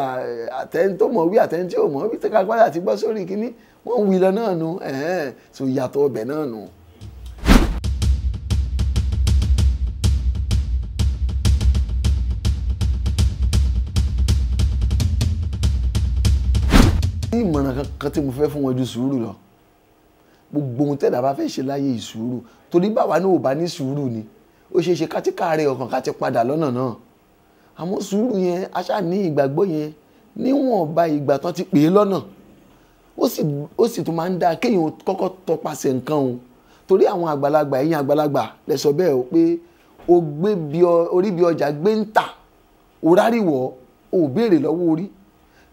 àtẹ̀ntò mọ̀ wí àtẹ̀ntì ò mọ̀ wí tẹ́ka gbọ́dọ̀ àti gbọ́ sórí kínní wọ́n ń wí lọ náà nu so yàtọ̀ ọbẹ̀ náà nu. ní ìmọ̀ràn kankan tí mo fẹ́ fún wọn ju sùúrù lọ gbogbo ohun tẹ́lẹ̀ bá fẹ́ ṣe láyé ìsùúrù torí báwa ní ò bá ní sùúrù ni ó ṣeé ṣe kátíkà rẹ ọkàn káti padà lọ́nà náà àmọ́ sùúrù yẹn aṣá ní ìgbàgbọ́ yẹn níwọ̀nba ìgbà tán ti pè é lọ́nà ó sì tún máa ń dáa kéèyàn kọ́kọ́ tọpasẹ̀ nǹkan o torí àwọn àgbàlagbà ẹ̀yìn àgbàlagbà lẹ bẹ́ẹ̀ o pé o gbé orí bí ọjà gbé ń tà òráríwọ̀ o ò béèrè lọ́wọ́ orí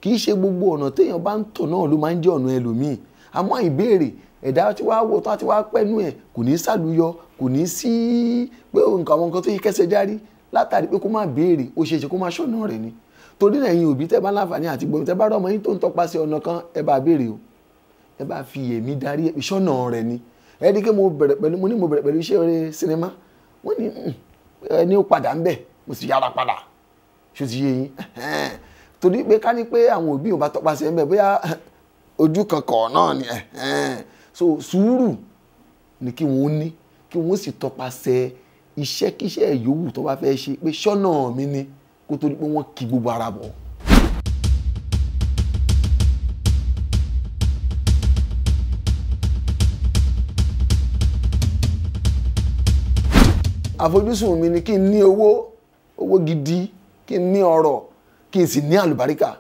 kì í ṣe gbogbo ọ̀nà téèyàn bá ń tọ̀ náà ló máa ń jẹ́ ọ̀nà ẹlòmíì àmọ́ ìbéèrè ẹ̀dá tí wàá wò tó àti wàá pẹ́nu ẹ̀ kò ní sàlùyọ kò ní sí pé nǹkan àwọn nǹkan tó yẹ kẹsẹ̀ járí látàrí pé kó má béèrè ó ṣe ṣe kó má ṣọ̀nà rẹ̀ ni torí náà ẹ̀yin òbí tẹ́ bá láǹfààní àti gbọ̀n tẹ́ bá rọ̀ ọmọ yín tó ń tọpasẹ̀ ọ̀nà kan ẹ bá béèrè o ẹ bá fi èmi darí ìṣọ̀nà rẹ̀ ni ẹ di pé mo bẹ̀rẹ̀ ní mo bẹ̀rẹ̀ pẹ̀lú iṣẹ́ eré sinimá wọ́n ní hmm, ẹni ó padà ń bẹ̀ mo sì yára padà ṣó <laughs> torí pé ká ní pé àwọn òbí ò bá tọpasẹ̀ ń bẹ̀ bóyá ojú kan kọ̀ náà ni so sùúrù ni kí wọ́n ní kí wọ́n sì tọpasẹ̀ iṣẹ́kíṣẹ́ yòówù tó bá fẹ́ ṣe pé ṣọ́nà mi ni kó tó di pé wọ́n kí gbogbo ara bọ̀. àfojúsùn mi ni kí n ní owó owó gidi kí n ní ọrọ̀ kí n sì ní àlùbáríkà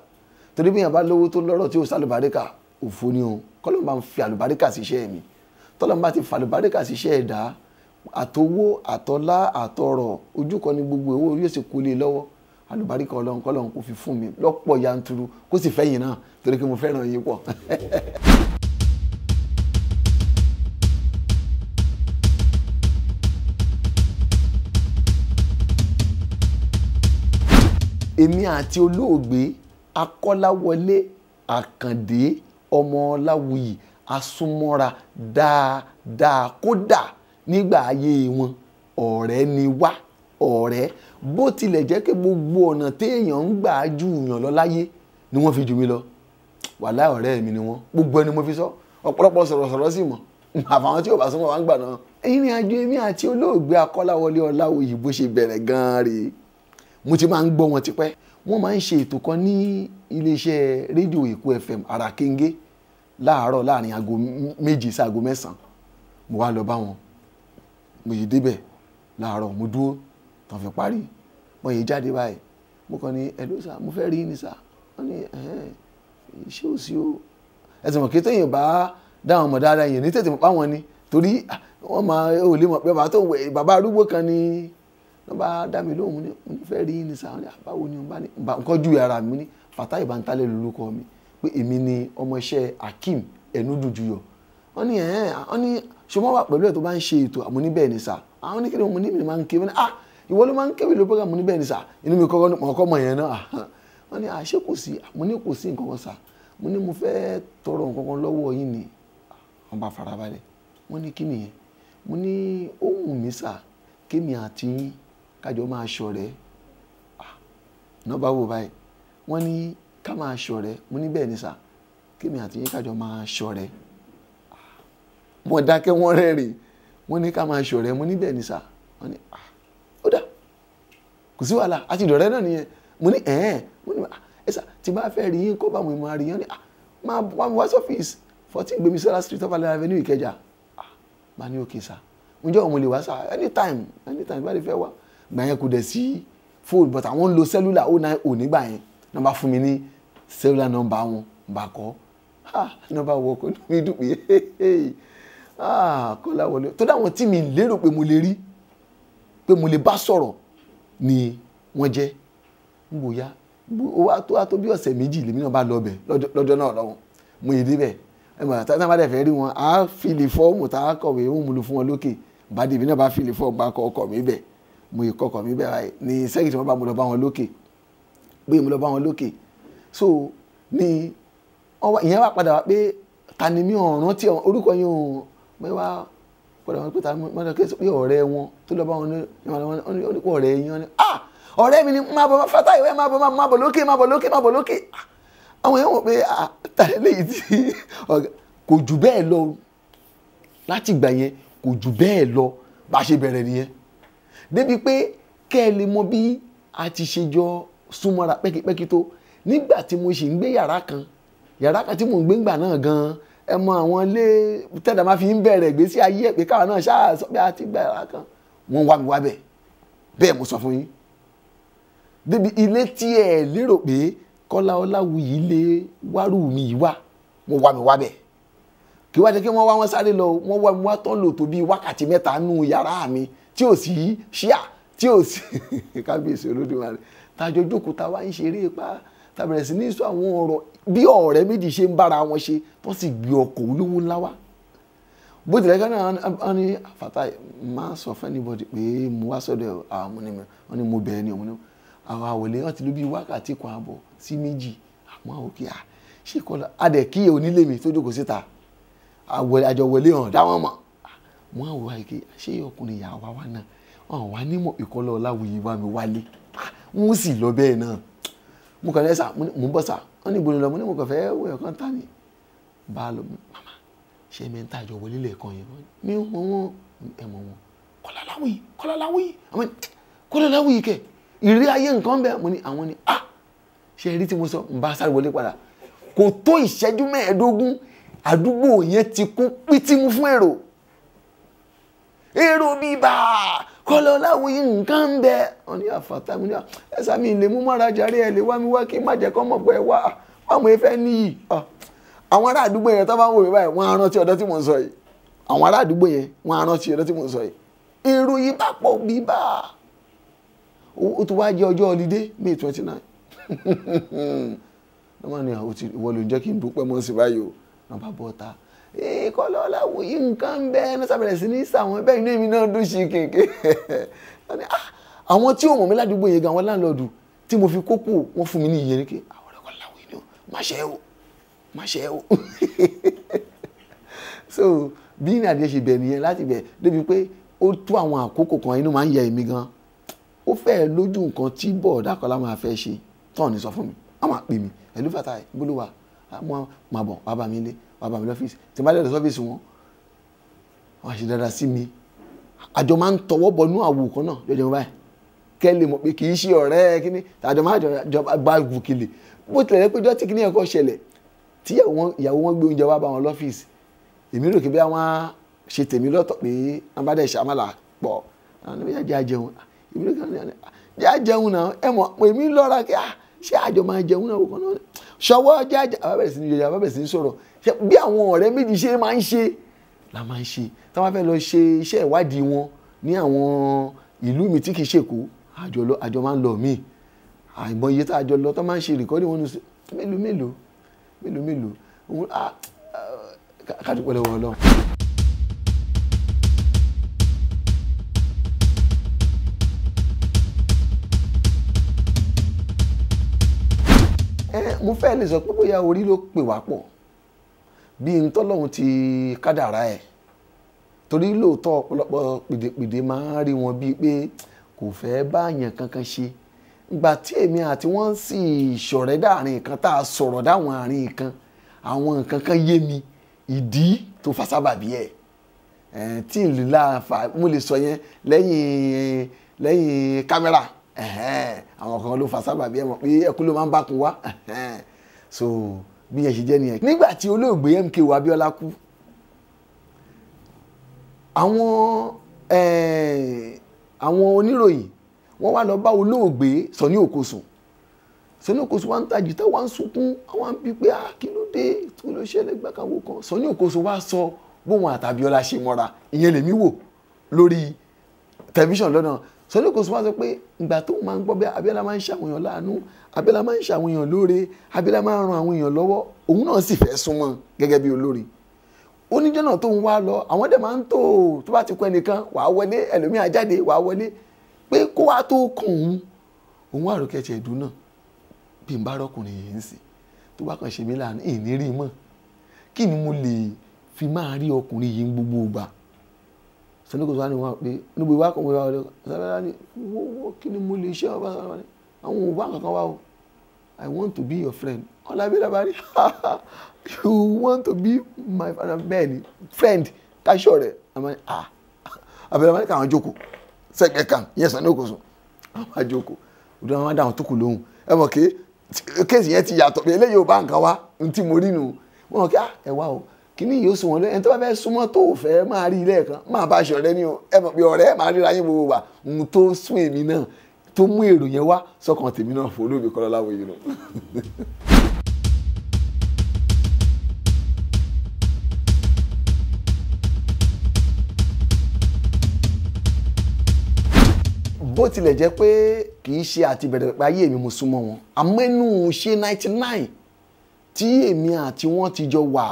torí bí èèyàn bá lówó tó lọ́rọ̀ tí o sálùbáríkà òfo ni o kọ́lọ́ máa ń fi àlùbáríkà síṣẹ́ mi tọ́lọ́mù bá ti fa àlùbáríkà síṣẹ́ ẹ̀dá àtowó àtọlá àtọrọ̀ ojú kan ní gbogbo owó yóò sì kólé lọ́wọ́ àlùbáríkà ọlọ́run kọ́lọ́run kò fi fún mi lọ́pọ̀ yanturu kó sì fẹ́yìn náà torí pé mo fẹ́ràn yín pọ̀. <laughs> èmi àti olóògbé akọ́láwọlé àkàndé ọmọ ọláwuyì asúnmọ́ra dáadáa kódà nígbà ayé wọn ọ̀rẹ́ ni wá ọ̀rẹ́ bó tilẹ̀ jẹ́ pé gbogbo ọ̀nà téèyàn ń gbà ju yàn lọ láyé ni wọ́n fi jù mí lọ wàhálà ọ̀rẹ́ mi ni wọ́n gbogbo ẹni mo fi sọ ọ̀pọ̀lọpọ̀ sọ̀rọ̀sọ̀rọ̀ sì mọ̀ àfàwọn tí ò bá súnmọ́ wa ń gbà náà ìrìn àjò èmi àti olóògbé akọ́láwọlé ọláwuyì bó ṣe bẹ̀rẹ̀ gan-an rèé mo ti máa ń gbọ́ wọn tipẹ́ wọ́n máa ń ṣe ètò kan ní iléeṣẹ́ rédíò èkó fm arakenge láàárọ̀ láàrin aago méjì sí aago mẹ́sàn-án mo wá lọ bá wọn mo yìí débẹ̀ láàárọ̀ mo dúró tàn fi parí mo yìí jáde báyìí mo kàn ní ẹ ló sà mo fẹ́ rí ni sà wọ́n ní ṣé ò sí o ẹ̀sìn mọ̀ kí téèyàn bá dáhùn mọ̀ dáadáa èèyàn ní tètè mọ̀ páwọn ni torí ah, wọ́n máa ò lè mọ̀ pé bàbá arúgbó kan ni ló bá dá mi lóhùn ní fẹ́ rí ní sàn án báwo ni bá ní nǹkan ju ara mi ní Fatai Bantale lórúkọ mi pé èmi ni ọmọọṣẹ́ Akeem Ẹnudùjuyọ wọ́n ní ẹ̀ẹ́n wọ́n ní ṣe wà pẹ̀lú ẹ̀ tó bá ń ṣe ètò àmọ́ níbẹ̀ ni sà àwọn ní kí ní mi máa ń ké wọ́n ní ah ìwọ ló máa ń kéwì ló pé àmọ́ níbẹ̀ ni sà inú mi kọ́kọ́ ọkọ́ mọ̀ yẹn náà <laughs> wọ́n ní àṣé kò sí àmọ́ ní kò sí nǹkan kan sà mo ní mo fẹ́ tọrọ nǹkan kan lọ́wọ́ yín ni wọ́n bá farabalẹ̀ wọ́n ní kí nìyẹn mo ní ó wù mí sà kémi àti yín kájọ máa ṣọ̀rẹ́ ah, nọ́bà wò báyìí wọ́n ní ká máa ṣọ̀rẹ́ mo ní bẹ́ẹ̀ ni sà kémi àti yín kájọ máa ṣọ̀rẹ́ wọ́n ah, dákẹ́ wọ́n rẹ́rìn wọ́n ní ká máa ṣọ̀rẹ́ mo ní bẹ́ẹ̀ ni sà wọ́n ní ah, ó dà kò sí wàhálà àti ìdọ̀rẹ́ náà nìyẹn mo ní ẹ̀ẹ́n mo ní ẹ̀sà tí bá fẹ́ rí yín kó bá àwọn ìmọ̀ àríyàn ní máa wá mi wá sọ́fíìsì fourteen gbemisola street of alẹ́ avenue ìkẹjà máa ní òkè sà ǹjẹ́ òun lè wá sà anytime anytime bá lè fẹ́ wá gbà yẹn kò dẹ̀ sí phone but àwọn ń lo cellular ó náà ò nígbà yẹn náà bá fún mi ní cellular number wọn bá kọ́ náà bá wọ ọkọ̀ mi dùn pé kọ́lá wọlé tó dáwọn tí mi lérò pé mo lè rí pé mo lè bá sọ̀rọ̀ ni wọ́n jẹ́ n bò yá ó wá tó wá tó bí ọ̀sẹ̀ méjì lèmi náà bá lọ bẹ̀ lọ́jọ́ náà lọ́wọ́ mo yè débẹ̀ ẹ mọ̀ tá a bá dẹ̀ fẹ́ rí wọn á fìlì fọ́ọ̀mù tá a kọ̀wé ó mú lu fún wọn lókè bá dèbí náà bá fìlì fọ́ọ̀mù bá kọ ọkọ̀ mi bẹ̀ mo yìí kọkọ mi bẹ́ẹ̀ báyìí ní sẹ́yìn tí wọ́n bá mo lọ bá wọn lókè bóyá mo lọ bá wọn lókè so ní ìyẹn wà padà wá pé ta ni mi ọ̀ràn tí orúkọ yẹn ò mẹ́wà padà wọn pé ta ni mo lọ kéésì pé ọ̀rẹ́ wọn tó lọ bá wọn ní onípò ọ̀rẹ́ yẹn wọn ni ah ọ̀rẹ́ mi ni má bọ̀ fata ìwé má bọ̀ má bọ̀ lókè má bọ̀ lókè má bọ̀ lókè ah! àwọn yẹn wọ̀ pé ah ta ni lè ti <laughs> kò jù bẹ́ẹ̀ lọ láti ìgbà yẹn kò jù bẹ́ẹ̀ lọ bá a ṣe bẹ̀rẹ̀ nìyẹn débi pé kẹ́ ẹ lè mọ bí a ti ṣe jọ súnmọ́ra pẹ́kipẹ́ki tó nígbà tí mo sì ń gbé yàrá kan yàrá kan tí mò ń gbé ngbà náà gan-an ẹ mọ àwọn ilé tẹ́lẹ̀ máa fi ń bẹ̀rẹ̀ ìgbésí ayé ẹ̀ pé káwọn náà ṣáà sọ pé a ti gba yàrá kan wọ́n wá mi wá bẹ̀ bẹ́ẹ̀ mo sọ fún yín débi ilé tí ẹ lérò pé Kọ́lá Ọláwuyì lè wárù mi wá wọ́n wá mi wá bẹ̀ kí wá jẹ́ kí wọ́n wá wọn sáré lọ wọ́n wá mi wá tán lò tó bíi wákàtí mẹ́ta nù yàrá mi tí ò sí ṣíà tí ò sí <laughs> kábíyèsí olódùmarè tàjọ jókòó ta wá ń ṣeré ipá tàbẹ̀rẹ̀ sí ní sọ àwọn ọ̀rọ̀ bí ọ̀rẹ́ méjì ṣe ń bára wọn ṣe tó sì gbé ọkọ̀ olówó ńlá wá bó tilẹ̀ kánà wọn ni Fatai má sọ fún anybody pé mo wá sọ́dọ̀ àwọn ọmọ mi wọn ni mo bẹ̀ẹ́ ni ọmọ mi àwọn àwòlé wọn ti ló wákàtí kan àbọ̀ sí méjì àmọ́ òkè à ṣé kọ́lá adẹ̀ kí onílé mi tó jókòó síta àjọwọlé hàn dáwọn mọ̀ mo á wò wá ike ṣé ọkùnrin ìyá wa náà wọn wá nímọ̀ ìkọlọ ọláwùyí wá mi wálé wọn sì lọ bẹ́ẹ̀ náà mo kàn lẹ́sà mo ń bọ̀ sà wọn ní ìbòlè lọ mo ní mo kàn fẹ́ wẹ̀ ọ̀kan tá mi bá a lọ màmá ṣé mi ń tà jọ wọlé lẹ́ẹ̀kan yẹn mi ò mọ wọn ẹ mọ wọn kọlá láwùyí kọlá kẹ ìrí ayé nǹkan bẹ́ẹ̀ mo ní àwọn ni ah ṣe rí tí mo sọ ń bá sáré wọlé padà kò tó ìṣẹ́jú mẹ́ẹ̀ẹ́dógún àdúgbò yẹn ti kún pítímù fún èrò èrò bíbà Kọlọ láwọn yìí nǹkan ń bẹ wọn ní àfàtà mi ní ẹ̀sà mi lè mú mọ́ra jàre ẹ̀ lè wá mi wá kí n má jẹ́ kọ́ mọ̀ pé wá wàmú efẹ́ níyì àwọn ará àdúgbò yẹn sọ yìí àwọn ará àdúgbò yẹn wọ́n á rántí tí mò sọ yìí èrò yìí bá pọ̀ bíbà wá jẹ́ may twenty nine àwọn kí n dúpẹ́ mọ́ sí báyìí o ee kọ́lọ́ ọ̀làwòye nǹkan ń bẹ́ ẹ́ sábẹ̀rẹ̀ sí ní sàwọn bẹ́ẹ̀ inú èmi náà dùn sí kèké ah, àwọn tí ò mọ̀ mí ládùúgbò yẹn gan àwọn láńlọ́ọ̀dù tí mo fi kókò wọ́n fún mi ní iye nìké àwọn ọ̀rẹ́ kọ́láwòye ni ó ṣe é o má ṣe é o <laughs> so bí ní adìẹ ṣe bẹ̀ nìyẹn láti bẹ̀ débi pé ó tó àwọn àkókò kan inú máa ń yẹ èmi gan ó fẹ́ẹ̀ lójú nǹkan tí bọ̀ọ̀dà kan láwọn afẹ́ ṣe tán ní sọ fún mi wọ́n máa pè mí wàá bá mi lọ́fíìsì tí n bá dẹ̀rẹ̀ sọ́fíìsì wọn wọ́n á ṣe dáadáa sí mi àjọ máa ń tọwọ́ bọnú àwòkọ́ náà jọjọ mọ́ báyìí kẹ́ lè mọ̀ pé kì í ṣe ọ̀rẹ́ kíní àjọ máa jọ gba gùkìlì bó tilẹ̀ rẹ pé jọ́tí kíní ẹ̀kọ́ ṣẹlẹ̀ tí ìyàwó wọn gbé oúnjẹ wá bá wọn lọ́fíìsì èmi rò kí bí àwọn ṣe tèmi lọ́tọ̀ pé wọ́n bá dẹ̀ ṣàmàlà pọ̀ àwọn ẹ̀mí jẹ́ àjẹun èmi rò kí wọ́n jẹ́ àjẹun náà ẹ̀ mọ̀ pé èmi lọ́ra kí ah, ṣé àjọ máa jẹun náà wò kàn náà ṣọwọ́ jẹ́ àjẹun àbábẹ̀rẹ̀ sí ní sọ̀rọ̀ bí àwọn ọ̀rẹ́ méjì ṣe máa ń ṣe la máa ń ṣe tá a bá fẹ́ lọ ṣe iṣẹ́ ìwádìí wọn ní àwọn ìlú mi tí kì í ṣèkó àjọ máa ń lọ míì àìmọ̀ iye tá a jọ lọ tó máa ń ṣe rìkọ́dì wọn mélòó mélòó mélòó mélòó kádùpọ̀ lọ́wọ́ ọlọ́run. mo fẹ́ lè sọ pé bóyá orí ló pè wá pọ̀ bí n tọ́lọ́hún ti kádàrá ẹ̀ torí lóòótọ́ ọ̀pọ̀lọpọ̀ pèdèpèdè máa ń rí wọn bíi pé kò fẹ́ báyàn kankan ṣe ìgbà tí èmi àti wọ́n sì ṣọ̀rẹ́ dáàrin kan tá a sọ̀rọ̀ dáwọn àárín kan àwọn nǹkan kan yé mi ìdí tó fa ẹ̀ tí n lè láǹfà mo lè sọ yẹn lẹ́yìn lẹ́yìn kámẹ́rà àwọn kan ló fa ẹ̀ mọ̀ pé ẹkú ló máa ń bá kun wá so bí yẹn ṣe jẹ́ nìyẹn nígbà tí olóògbé MKO Abíọ́lá kú àwọn àwọn oníròyìn wọ́n wá lọ bá olóògbé Sọ̀ní Òkosùn Sọ̀ní Òkosùn wá ń tají tá wa ń sunkún àwọn bí pé ah kí ló dé tó ló ṣẹlẹ̀ gbàkàwó kan Sọ̀ní Òkosùn wá sọ bóun àtàbíọ́lá ṣe mọ́ra ìyẹn lèmi wò lórí tẹlifíṣàn lọ́nà sọdọ kò sọ wá sọ pé ìgbà tó máa ń gbọ́ bí Abíọ́lá máa ń ṣàwọn èèyàn láàánú Abíọ́lá máa ń ṣàwọn èèyàn lóore Abíọ́lá máa ń ran àwọn èèyàn lọ́wọ́ òun náà sì fẹ́ súnmọ́ gẹ́gẹ́ bí olóore oníjọ́ náà tó ń wá lọ àwọn dẹ̀ máa ń tó tó bá ti kọ ẹnìkan wà á wọlé ẹlòmíà jáde wà á wọlé pé kó wá tó kàn òun òun àròkẹ̀tì ẹ̀dùn náà bí n bá rọkùnrin yìí ń sìn tó bá kàn ṣe mí láàánú ìní rí kí ni mo lè fi máa rí ọkùnrin yìí gbogbo ìgbà sọ́nìkòtò wa ni wọ́n pé kan wọ́n wọ́n sábẹ́lá ni wọ́n kí ni mo lè ṣe ọba sábẹ́lá ni àwọn òwò kankan wá o I want to be your friend ọ̀làbílà bá rí you want to be my bẹ́ẹ̀ni friend káṣọ rẹ̀ àmọ́ ni ah abẹ́rẹ́ wọn ni káwọn jókòó sẹ́gbẹ́ kan yẹn sọ́nìkòtò àwọn àjòkó òdò àwọn adáhùn tó kù lóhùn ẹ mọ̀ ké kéèsì yẹn ti yàtọ̀ eléyìí ò bá nǹkan wá ntí mo rí nu wọn mọ̀ ké ah, ẹ wá o kíní yóò sùn wọn lé ẹni tó bá fẹ́ súnmọ́ tó fẹ́ máa rí lẹ́ẹ̀kan máa bá aṣọ rẹ ní o ẹ mọ̀ pé ọ̀rẹ́ máa ríra yín gbogbo wa ohun tó sún èmi náà tó mú èrò yẹn wá sọ́kàn tèmi náà fún olóògbé Kọ́láláwọ̀ yìí lọ. <laughs> bó tilẹ̀ jẹ́ pé kì í ṣe àti bẹ̀rẹ̀ pé ayé mi mo súnmọ́ wọn àmọ́ inú ṣe ninety nine tí èmi àti wọ́n ti jọ wà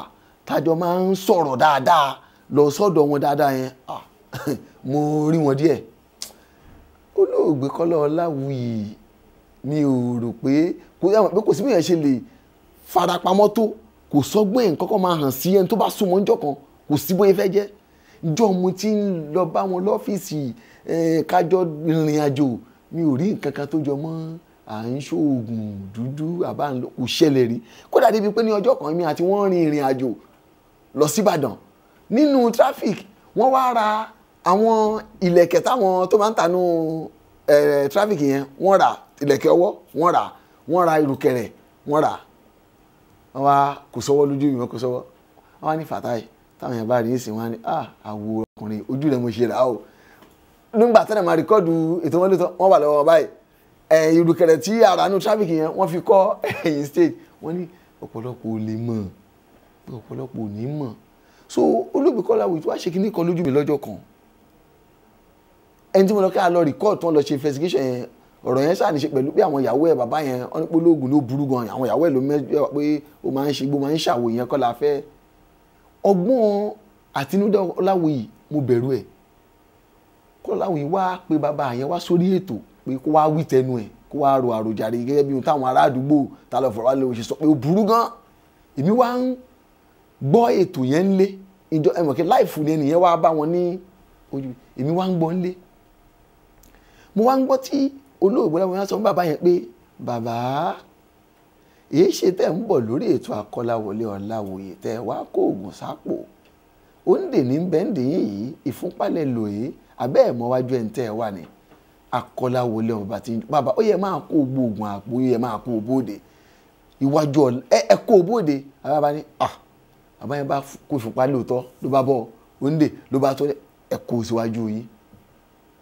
tájọ máa ń sọ̀rọ̀ dáadáa lọ sọ́dọ̀ wọn dáadáa yẹn <laughs> mo rí wọn díẹ̀ olóògbé Kọ́lá Ọláwuyì mi ò rò pé kò sí bí yẹn ṣe lè farapamọ́ tó kò sọ́gbọ́n ẹ̀ kọ́kọ́ máa hàn sí ẹni tó bá súnmọ́ ọjọ́ kan kò sí bóyá fẹ́ jẹ́ jọ́ mo ti ń lọ bá wọn lọ́fíìsì kájọ ìrìn àjò mi ò rí nǹkan kan tó jọ mọ́ à ń ṣoògùn dúdú àbá kò ṣẹlẹ̀ rí kódà débi pé ní ọjọ́ kan mi àti wọ́n rin ìrìn àjò lọ síbàdàn nínú traffic wọ́n wá ra àwọn ìlẹ̀kẹ̀ táwọn tó máa ń tanú traffic yẹn wọ́n rà ìlẹ̀kẹ̀ ọwọ́ wọ́n rà wọ́n ra ìrùkẹ̀rẹ̀ wọ́n rà wọ́n wá kò sọ́wọ́ lójú ìwọ̀n kò sọ́wọ́ wọ́n wá ní Fatai táwọn yẹn bá rí ìsìn wọn ni ah àwo ọkùnrin ojú rẹ̀ mo ṣe rà o nígbà tẹ́lẹ̀ máa rìkọ́dù ètò wọn lóòótọ́ wọ́n wà lọ́wọ́ báyìí ìrùkẹ̀rẹ̀ tí ara traffic yẹn wọ́n fi kọ́ <laughs> ẹ̀yìn stage wọ́n ní ọ̀pọ̀lọpọ̀ olè mọ̀ pé ọ̀pọ̀lọpọ̀ ò ní mọ̀ so olóògbé Kọ́lá Wòyí wá ṣe kinní kan lójú mi lọ́jọ́ kan ẹni tí mo lọ kí a lọ record tán lọ ṣe investigation yẹn ọ̀rọ̀ yẹn ṣáà ní ṣe pẹ̀lú pé àwọn ìyàwó ẹ̀ bàbá yẹn wọ́n ní pé olóògùn ló burú gan àwọn ìyàwó ẹ̀ ló mẹ́jọ pé ó máa ń ṣe gbó máa ń ṣàwò yẹn kọ́ la fẹ́ ọgbọ́n àtinúdá Ọláwòyí mo bẹ̀rù ẹ̀ Kọ́láwòyí wá pé bàbá yẹn wá sórí ètò pé kó wá wí tẹnu ẹ̀ kó wá ro àròjàre gẹ́gẹ́ bí ohun táwọn ará àdúgbò ta lọ fọ̀rọ̀ wá lè ṣe sọ pé ó burú gan èmi wá ń gbọ́ ètò yẹn ń lé ìjọ ẹ mọ̀ kí láìfù ni ẹnìyẹn wá bá wọn ní ojú èmi wá ń gbọ́ ń lé mo wá ń gbọ́ tí olóògbé láwọn yẹn sọ fún bàbá yẹn pé bàbá èyí ṣe tẹ́ ń bọ̀ lórí ètò àkọláwọlé ọ̀làwòye tẹ́ wàá kó oògùn sápò ó ń dè ní bẹ́ńdì yín yìí ìfúnpálẹ̀ lòye àbẹ́ ẹ̀ mọ́wájú ẹ̀ ń tẹ́ ẹ wà ní àkọláwọlé ọba tí bàbá ó yẹ máa kó oògùn àpò ó yẹ máa kó bóde iwájú ẹ kó bóde bàbá ní ah àbáyé bá kó ìfúnpá lóòótọ́ ló bá bọ̀ òǹdè ló bá tọ́ ẹ̀ kó síwájú yín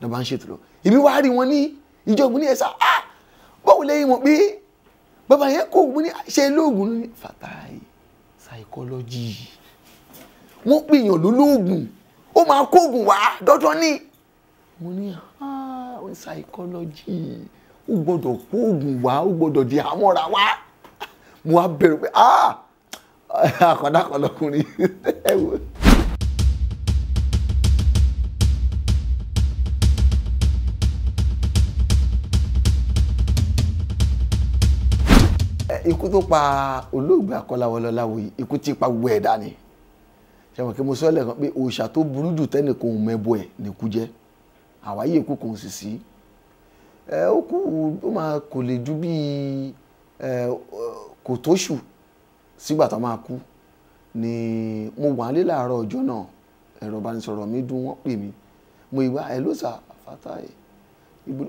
ló bá ń ṣètò lọ ìbí wàá rí wọn ní ìjọgbìn ní ẹ̀sà ah báwo lẹ́yìn mọ̀ pé bàbá yẹn kò mú ní ah, ṣe lóògùn ní fatai psychology wọ́n pè yàn lólóògùn ó máa kóògùn wá dọ́dọ́ ní mo ní ah psychology ó gbọ́dọ̀ kóògùn wá ó gbọ́dọ̀ di àmọ́ra wá mo á bẹ̀rù pé ah àkàndàkàn <laughs> lọkùnrin <laughs> ẹ wò. ikú tó pa olóògbé Akọ́láwọlé Ọláwuyì ikú tí pa gbogbo ẹ̀dá ni ṣàwọn kí mo sọ lẹ́ẹ̀kan pé òòṣà tó burú jù tẹ́nìkan ò mẹ́bọ ẹ̀ nìkú jẹ́ àwáyé ikú kan sì sí ẹ ó kú ó máa kò lè ju bíi kò tóṣù sígbà tó máa kú ni mo wà nílé láàárọ̀ ọjọ́ náà ẹ̀rọ ìbánisọ̀rọ̀ mi dún wọ́n pè mí mo ìwà ẹ̀lósà ah, Fatai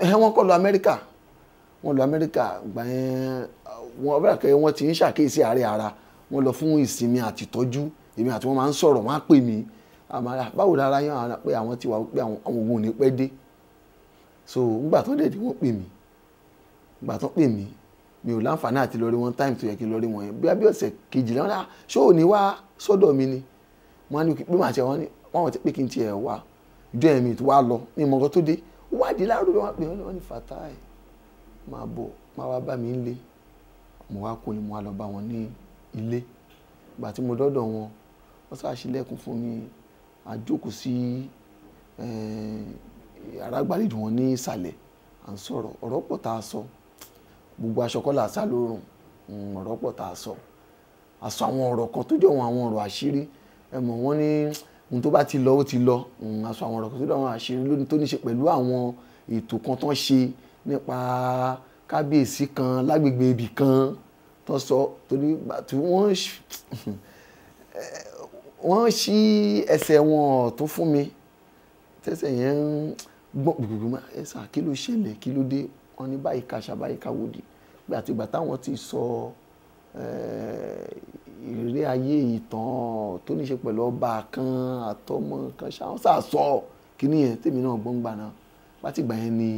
ẹ̀ <laughs> wọ́n kọ́ lọ Amẹ́ríkà wọ́n lọ Amẹ́ríkà gbà yẹn wọ́n bẹ̀rẹ̀ kẹ́ wọ́n ti ń ṣàkíyèsí àárẹ̀ ara wọ́n lọ fún ìsinmi àti ìtọ́jú èmi àti wọ́n máa ń sọ̀rọ̀ wọ́n á pè mí àmàlà ah, báwo lára yàn án pé àwọn ti wà pé àwọn òògùn ò ní pẹ́ dé so ngbà tó dé wọ́n pè mí ngbà tó pè mí mi ò láǹfààní àti lọ wọn time tó yẹ kí n lọ rí wọn yẹn bí abẹ́ ọ̀sẹ̀ kejìlá wọn náà ṣó ò ní wá sọ́dọ̀ mi ni wọn á ní pé màá ṣe wọn ní wọn àwọn ti pé kí n tiẹ̀ wá ìjọ ẹ̀mí tó wá lọ ní ìmọ̀ọ́kọ́ tó dé wádìí láàárọ̀ bí wọ́n pè wọ́n ní Fatai máa bọ̀ máa wá bá mi ń lé mo wá kó ni mo wá lọ bá wọn ní ilé ìgbà tí mo dọ́dọ̀ wọn wọ́n sá ṣílẹ̀kùn fún mi àjókòó sí eh, àràgbàlejò wọn ní ìsàlẹ̀ à ń sọ̀rọ̀ ọ̀rọ̀ pọ̀ tá a sọ. So gbogbo aṣọ kọ́ làásà lórùn mm, ọ̀rọ̀ pọ̀ tá a sọ a sọ àwọn ọ̀rọ̀ kan tó jọ wọn àwọn ọ̀rọ̀ àṣírí ẹ mọ̀ wọ́n ní ohun tó bá ti lọ ó ti lọ mm, a sọ àwọn ọ̀rọ̀ kan tó jọ àwọn àṣírí lónìí tó ní ṣe pẹ̀lú àwọn ètò kan tó ń ṣe nípa kábíyèsí kan lágbègbè ibì kan tó sọ torí tí wọ́n <laughs> wọ́n ṣí ẹsẹ̀ wọn tó fún mi tẹ́sẹ̀ yẹn ń gbọ́n gbùgbùgbù ẹ kí ló ṣẹlẹ̀ kí ló dé wọn ní báyìí ká ṣàbáyé ká wòdì pé àtìgbà táwọn ti sọ eh, ìrírí ayé ìtàn tó ní ṣe pẹ̀lú ọba kan àtọmọ kan ṣáwọn sàsọ kíní yẹn tèmi náà gbọ́ngbà náà látìgbà yẹn ni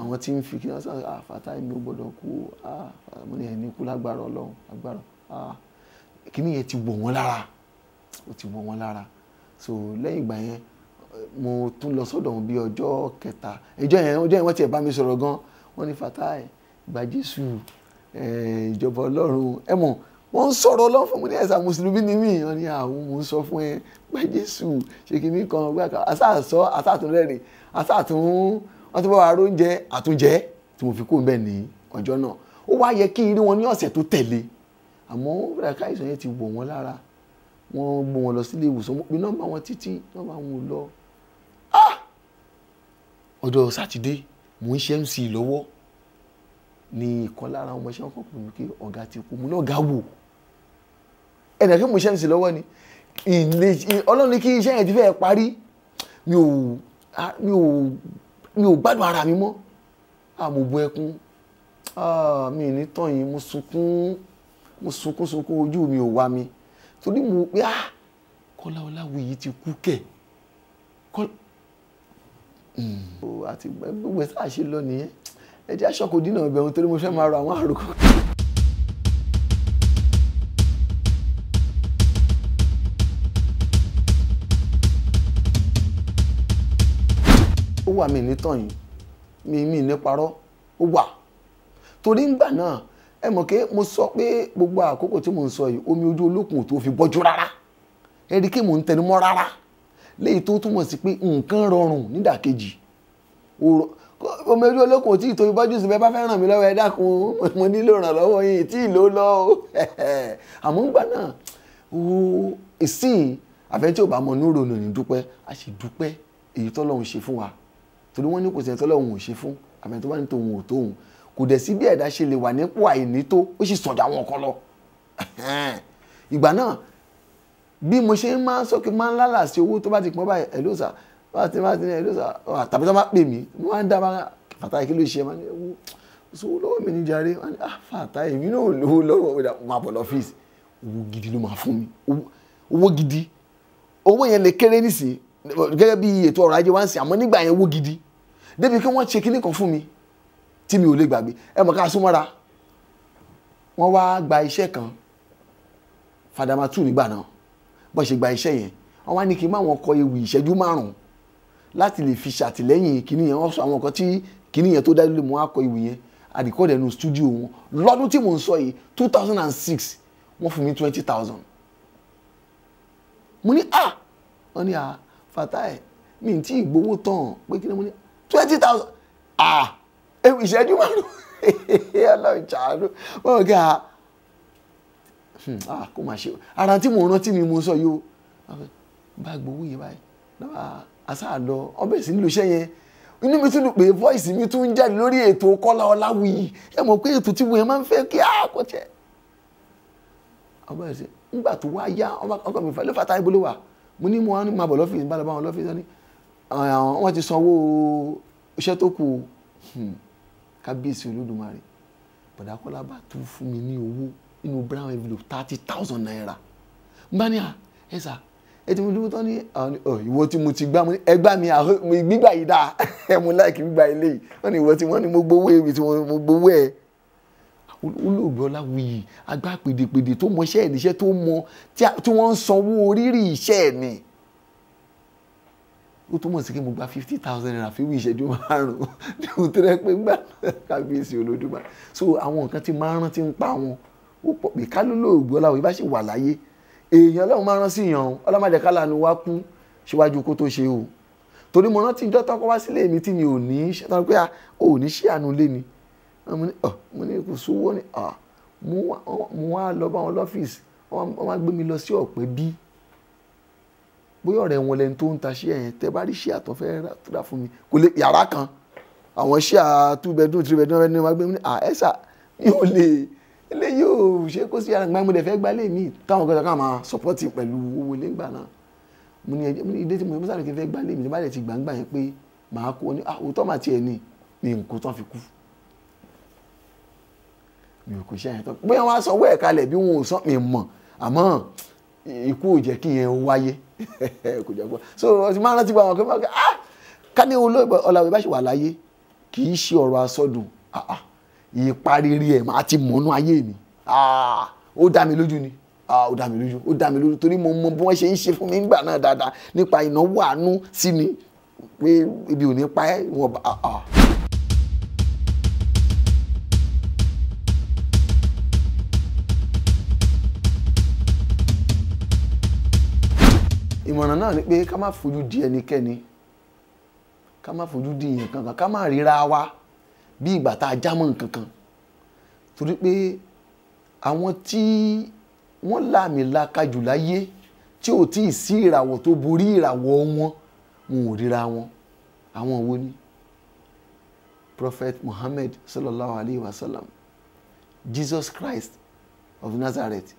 àwọn tí ń fi kí wọ́n sàn àfàtà èmi ò gbọ́dọ̀ kú àmọ́ ní ẹni kú lágbára ọlọ́run lágbára kíní yẹn ti wọ̀ wọ́n lára ó ti wọ̀ wọ́n lára so lẹ́yìn ìgbà yẹn mo tún lọ sọ́dọ̀ wọn bí ọjọ́ kẹta ìjọ yẹn ọjọ́ yẹn wọ́n ti ẹ̀ bá mi sọ̀rọ̀ gan wọ́n ní Fatai gba Jésù ìjọba Ọlọ́run ẹ mọ̀ wọ́n ń sọ̀rọ̀ Ọlọ́run fún mi ní ẹ̀sà mùsùlùmí ni mí wọ́n ní àwọn mò ń sọ fún ẹ gba Jésù ṣe kìíní kan gbà kan àṣàṣọ àṣàtúnrẹ́rìn àṣàtún wọ́n ti bá wa róúnjẹ àtúnjẹ tí mo fi kú bẹ́ẹ̀ ní ọjọ́ náà ó wá yẹ kí n rí wọn ní ọ̀sẹ̀ tó tẹ̀lé àmọ́ ràkà ìsàn yẹn ti wọ̀ wọ́n lára wọ́n gbọ́ wọn lọ sílé ìwòsàn mo pe nọ́mbà wọn títí ọjọ́ sátidé mò ń ṣe mc lọ́wọ́ ni ìkan lára ọmọ iṣẹ́ ọkọ̀ pè mí pé ọ̀gá ti kú mo náà ga wò ẹnì kí mo ṣe mc lọ́wọ́ ni ọlọ́run ní kí iṣẹ́ yẹn ti fẹ́ parí mi ò mi ò gbádùn ara mi mọ́ àmọ́ bu ẹkún mi ì ní tàn yín mo sunkún mo sunkún sunkún ojú mi ò wá mi torí mo pé ah Kọ́lá Ọláwuyì ti kú kẹ́ẹ̀ àti gbogbo tá ṣe lọ nìyẹn ẹ jẹ́ dínà ọbẹ̀ ohun torí mo fẹ́ máa ro àwọn àròkọ. ó wà mí ní tọ̀yìn mi mi ní parọ́ ó wà torí ńgbà náà ẹ mọ̀ pé mo sọ pé gbogbo àkókò tí mo ń sọ yìí omi ojú olókùn tó fi bọ́jú rárá ẹ rí i pé mo ń tẹnumọ́ rárá léyìí tó túmọ̀ sí pé nǹkan rọrùn nídàkejì ọmọ ẹgbẹ́ olókùn tí ìtòyí bọ́jú sí bẹ́ẹ̀ bá fẹ́ ràn mí lọ́wọ́ ẹ dákun mo nílò ìrànlọ́wọ́ yìí tí ìlò lọ o <laughs> àmọ́ ń gbà náà ìsìn àfẹ́ tí ò bá mọ inú ronú ní dúpẹ́ a sì dúpẹ́ èyí tọ́lọ́hun ṣe fún wa torí wọ́n ní kò sí ẹni tọ́lọ́hun ò ṣe fún àmọ́ tó bá ní tòun ò tóun kò dẹ̀ sí bí ẹ̀dá ṣe lè wà nípò àìní tó ó sì sọ̀dọ̀ àwọn kan lọ <laughs> ìgbà náà bí mo ṣe máa ń sọ kí n máa ń lálà sí owó tó bá ti pọn báyìí ẹlòsà bá ti máa ti ní ẹlòsà tàbí tó bá pè mí mo máa ń dábàá fàtà kí ló ṣe máa ń wú sówó lọ́wọ́ mi ní jàre wọ́n ní ah, fàtà èmi náà lówó lọ́wọ́ mi máa bọ̀ lọ́fíìsì owó gidi ló máa fún mi owó gidi owó yẹn lè kéré nísìnyí gẹ́gẹ́ bí ètò ọrọ̀ ajé wá ń sìn àmọ́ nígbà yẹn owó gidi débi kí wọ́n ṣe kinní kan fún mi tí mi ò lè gbàgbé ẹ mọ̀ ká súnmọ́ra wọ́n wá gba iṣẹ́ kan fàdàmàtù nígbà náà bọ́n ṣe gba iṣẹ́ yẹn wọ́n wá ní kí n máa wọn kọ ewì ìṣẹ́jú márùn-ún láti lè fi ṣàtìlẹ́yìn kíní yẹn wọ́n sọ àwọn nǹkan tí kíní yẹn tó dá lórí mo wá kọ ewì yẹn àdìkọ́dẹ̀ nu studio wọn lọ́dún tí mò ń sọ yìí two thousand and six wọ́n fún mi twenty thousand mo ní a, wọ́n ní ah fatai mi n tí ìgbowó tán pé kí ni mo ní twenty thousand ah ìṣẹ́jú márùn-ún <laughs> ọlọ́run ṣàánú wọ́n kí ah Hmm. ah kó máa ṣe ara tí mo rántí ni mo sọ yìí o bá gbowó yìí báyìí náà àsáàlọ ọbẹ̀ sí nílùú iṣẹ́ yẹn inú mi tún dùn pé voice mi tún jáde lórí ètò Kọ́lá Ọláwuyì ẹ mọ̀ pé ètò tí mo yẹn máa ń fẹ́ kí á kọ́ tiẹ̀ ọbẹ̀ sí nígbà tó wá yá ọkọ mi ló fàtà ibo ló wà mo ní mo wá ní máa bọ̀ lọ́fíìsì nígbà tó bá wọn lọ́fíìsì ní wọ́n ti sanwó iṣẹ́ tó kù hmm. kábíyèsí Olódùmarè bọ̀dá Kọ́lá bá tún fún mi ní owó inú brown envelope thirty thousand naira n bá ní à ẹ sà ẹ ti mú dúró tán ní ìwọ tí mo ti gbá mo ní ẹ gbá mi gbígbà yìí dáa <laughs> ẹ mo láìkí gbígbà yìí léyìí wọn ni ìwọ tí wọn ni mo gbowó ewì tí mo gbowó ẹ. olóògbé ọláwuyì agbá pèdèpèdè tó mọ iṣẹ́ ìníṣẹ́ tó mọ tí wọ́n ń sanwó orírì iṣẹ́ ẹ̀ ni ó túmọ̀ sí kí mo gba fifty thousand naira fi wí ìṣẹ́jú márùn-ún ní òtún rẹ pé gbà kábíyèsí olódùmarè so àwọn nǹkan ti máa ń rántí ń pa wọn ó pọ̀ pé kálólóògbé ọláwọ̀ ibà sì wà láyé èèyàn ọlọ́run máa rán sí yàn ọ́n ọlọ́mọdé kálá ni wá kú síwájú kó tó ṣe o torí mo rántí ìjọ tọkọ wá sílé mi tí mi ò ní ṣe tán pé ò ní ṣe àánú lé ni mo ní ọ mo ní kò sówó ni ọ mo wá lọ bá wọn lọ́fíìsì wọ́n máa gbé mi lọ sí ọ̀pẹ bí bóyá ọ̀rẹ́ wọn lẹni tó ń ta ṣíà yẹn tẹ́ bá rí ṣíà tó fẹ́ rà fún mi kò lè yàrá kan àwọn ṣíà two bedroom three bedroom wọ́n máa gbé mi ní à ẹ mi ò lè eléyìí ò ṣe kó sí àgbà mo dẹ̀ fẹ́ gbálé mi táwọn kan ká máa sọpọ́tì pẹ̀lú owó ilé ńgbà náà mo ní ẹjẹ mo ní ilé tí mo ní sáré kí n fẹ́ gbálé mi tó bá dẹ̀ ti gbàǹgbà yẹn pé màá kó ní òótọ́ màá tiẹ̀ ní ní nǹkan tán fi kú mi ò kò ṣe àyẹ̀tọ́ pé wọ́n á sanwó ẹ̀ kalẹ̀ bí wọn ò sàn mí mọ̀ àmọ́ ikú ò jẹ́ kí yẹn wáyé <laughs> kò jẹ́ gbọ́ so ọtí máa rántí báwọn kí wọ́n ah, ká ní olóògbé ọ̀làwé bá ṣe wà láyé kì í ṣe ọ̀rọ̀ asọ́dùn àà ah, ah ìparíri ẹ̀ máa ti mọ̀nú ayé mi ah, ó dá mi lójú ni ah, ó dá mi lójú ó dá mi lójú torí mo mọ bí wọ́n ṣe ń ṣe fún mi nígbà náà dáadáa nípa ìnáwó àánú sí ni pé ibi ò ní pa ẹ́ wọn bá. Ah, ìmọ̀ràn náà ni pé ká má fojú di ẹnikẹ́ni ká má fojú di èèyàn kankan ká má ríra wa bí ìgbà tá a já mọ́ nǹkan kan torí pé àwọn tí wọ́n láàmì lakajù láyé tí ò tí ì sí ìràwọ̀ tó borí ìràwọ̀ wọn wọn ò ríra wọn àwọn wo ni prophet muhammad sallallahu alayhi wa sallam jesus christ of nazareth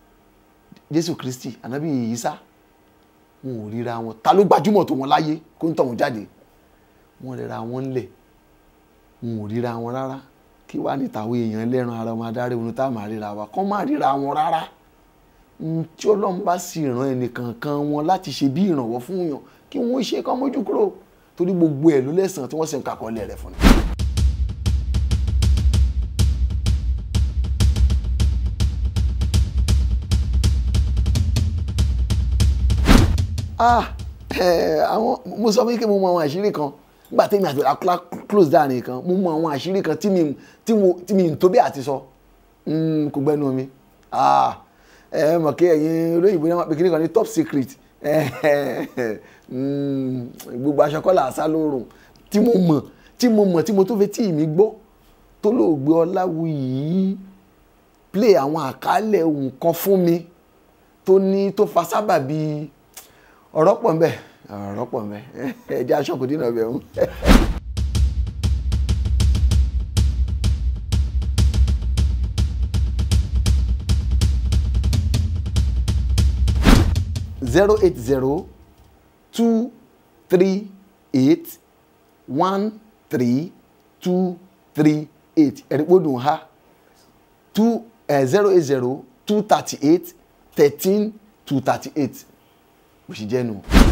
jésù Christi anabi isa wọn ò ríra wọn ta ló gbajúmọ̀ tó wọn láyé kó ń tọ̀ wọn jáde wọn ríra wọn lẹ̀ wọn ò ríra wọn rárá kí wàá níta àwọn èèyàn ẹlẹ́ran ara wọn adarí ohun tá a máa ríra wa kọ́ máa ríra wọn rárá tí ọlọ́run bá sì ràn ẹnìkankan wọn láti ṣe bí ìrànwọ́ fún yàn kí wọ́n ṣe kán mójú kúrò torí gbogbo ẹ̀ ló lẹ́sàn tí wọ́n sì ń kakọ́lẹ̀ rẹ̀ fún ni. ah eh, àwọn mo sọ fún yín pé mo mọ àwọn àṣírí kan nígbà tẹ́mi àti ọ̀la close down nìkan mo mọ àwọn àṣírí kan tí mi tí mi tó bí àti sọ hmm, kò gbẹ́nu mi ah, ẹ mọ̀ kí ẹ̀yin olóyìnbó náà pèkínní kan ní top secret <laughs> hmm, gbogbo aṣọ kọ́là àṣà lóorùn tí mo mọ̀ tí mo mọ̀ tí mo tó fẹ́ tí mi gbọ́ tó lóògbé Ọláwuyì play àwọn àkálẹ̀ nǹkan fún mi tó ní tó fa sábàbí ọ̀rọ̀ pọ̀ ń rọ́pọ̀ mẹ́ <laughs> ẹ̀jẹ̀ aṣọ dínà ọbẹ̀ ọ̀hún. zero eight zero two three eight one three two three eight ẹ̀rígbódùn ha two zero eight zero two thirty eight thirteen two thirty eight bó ṣe jẹ́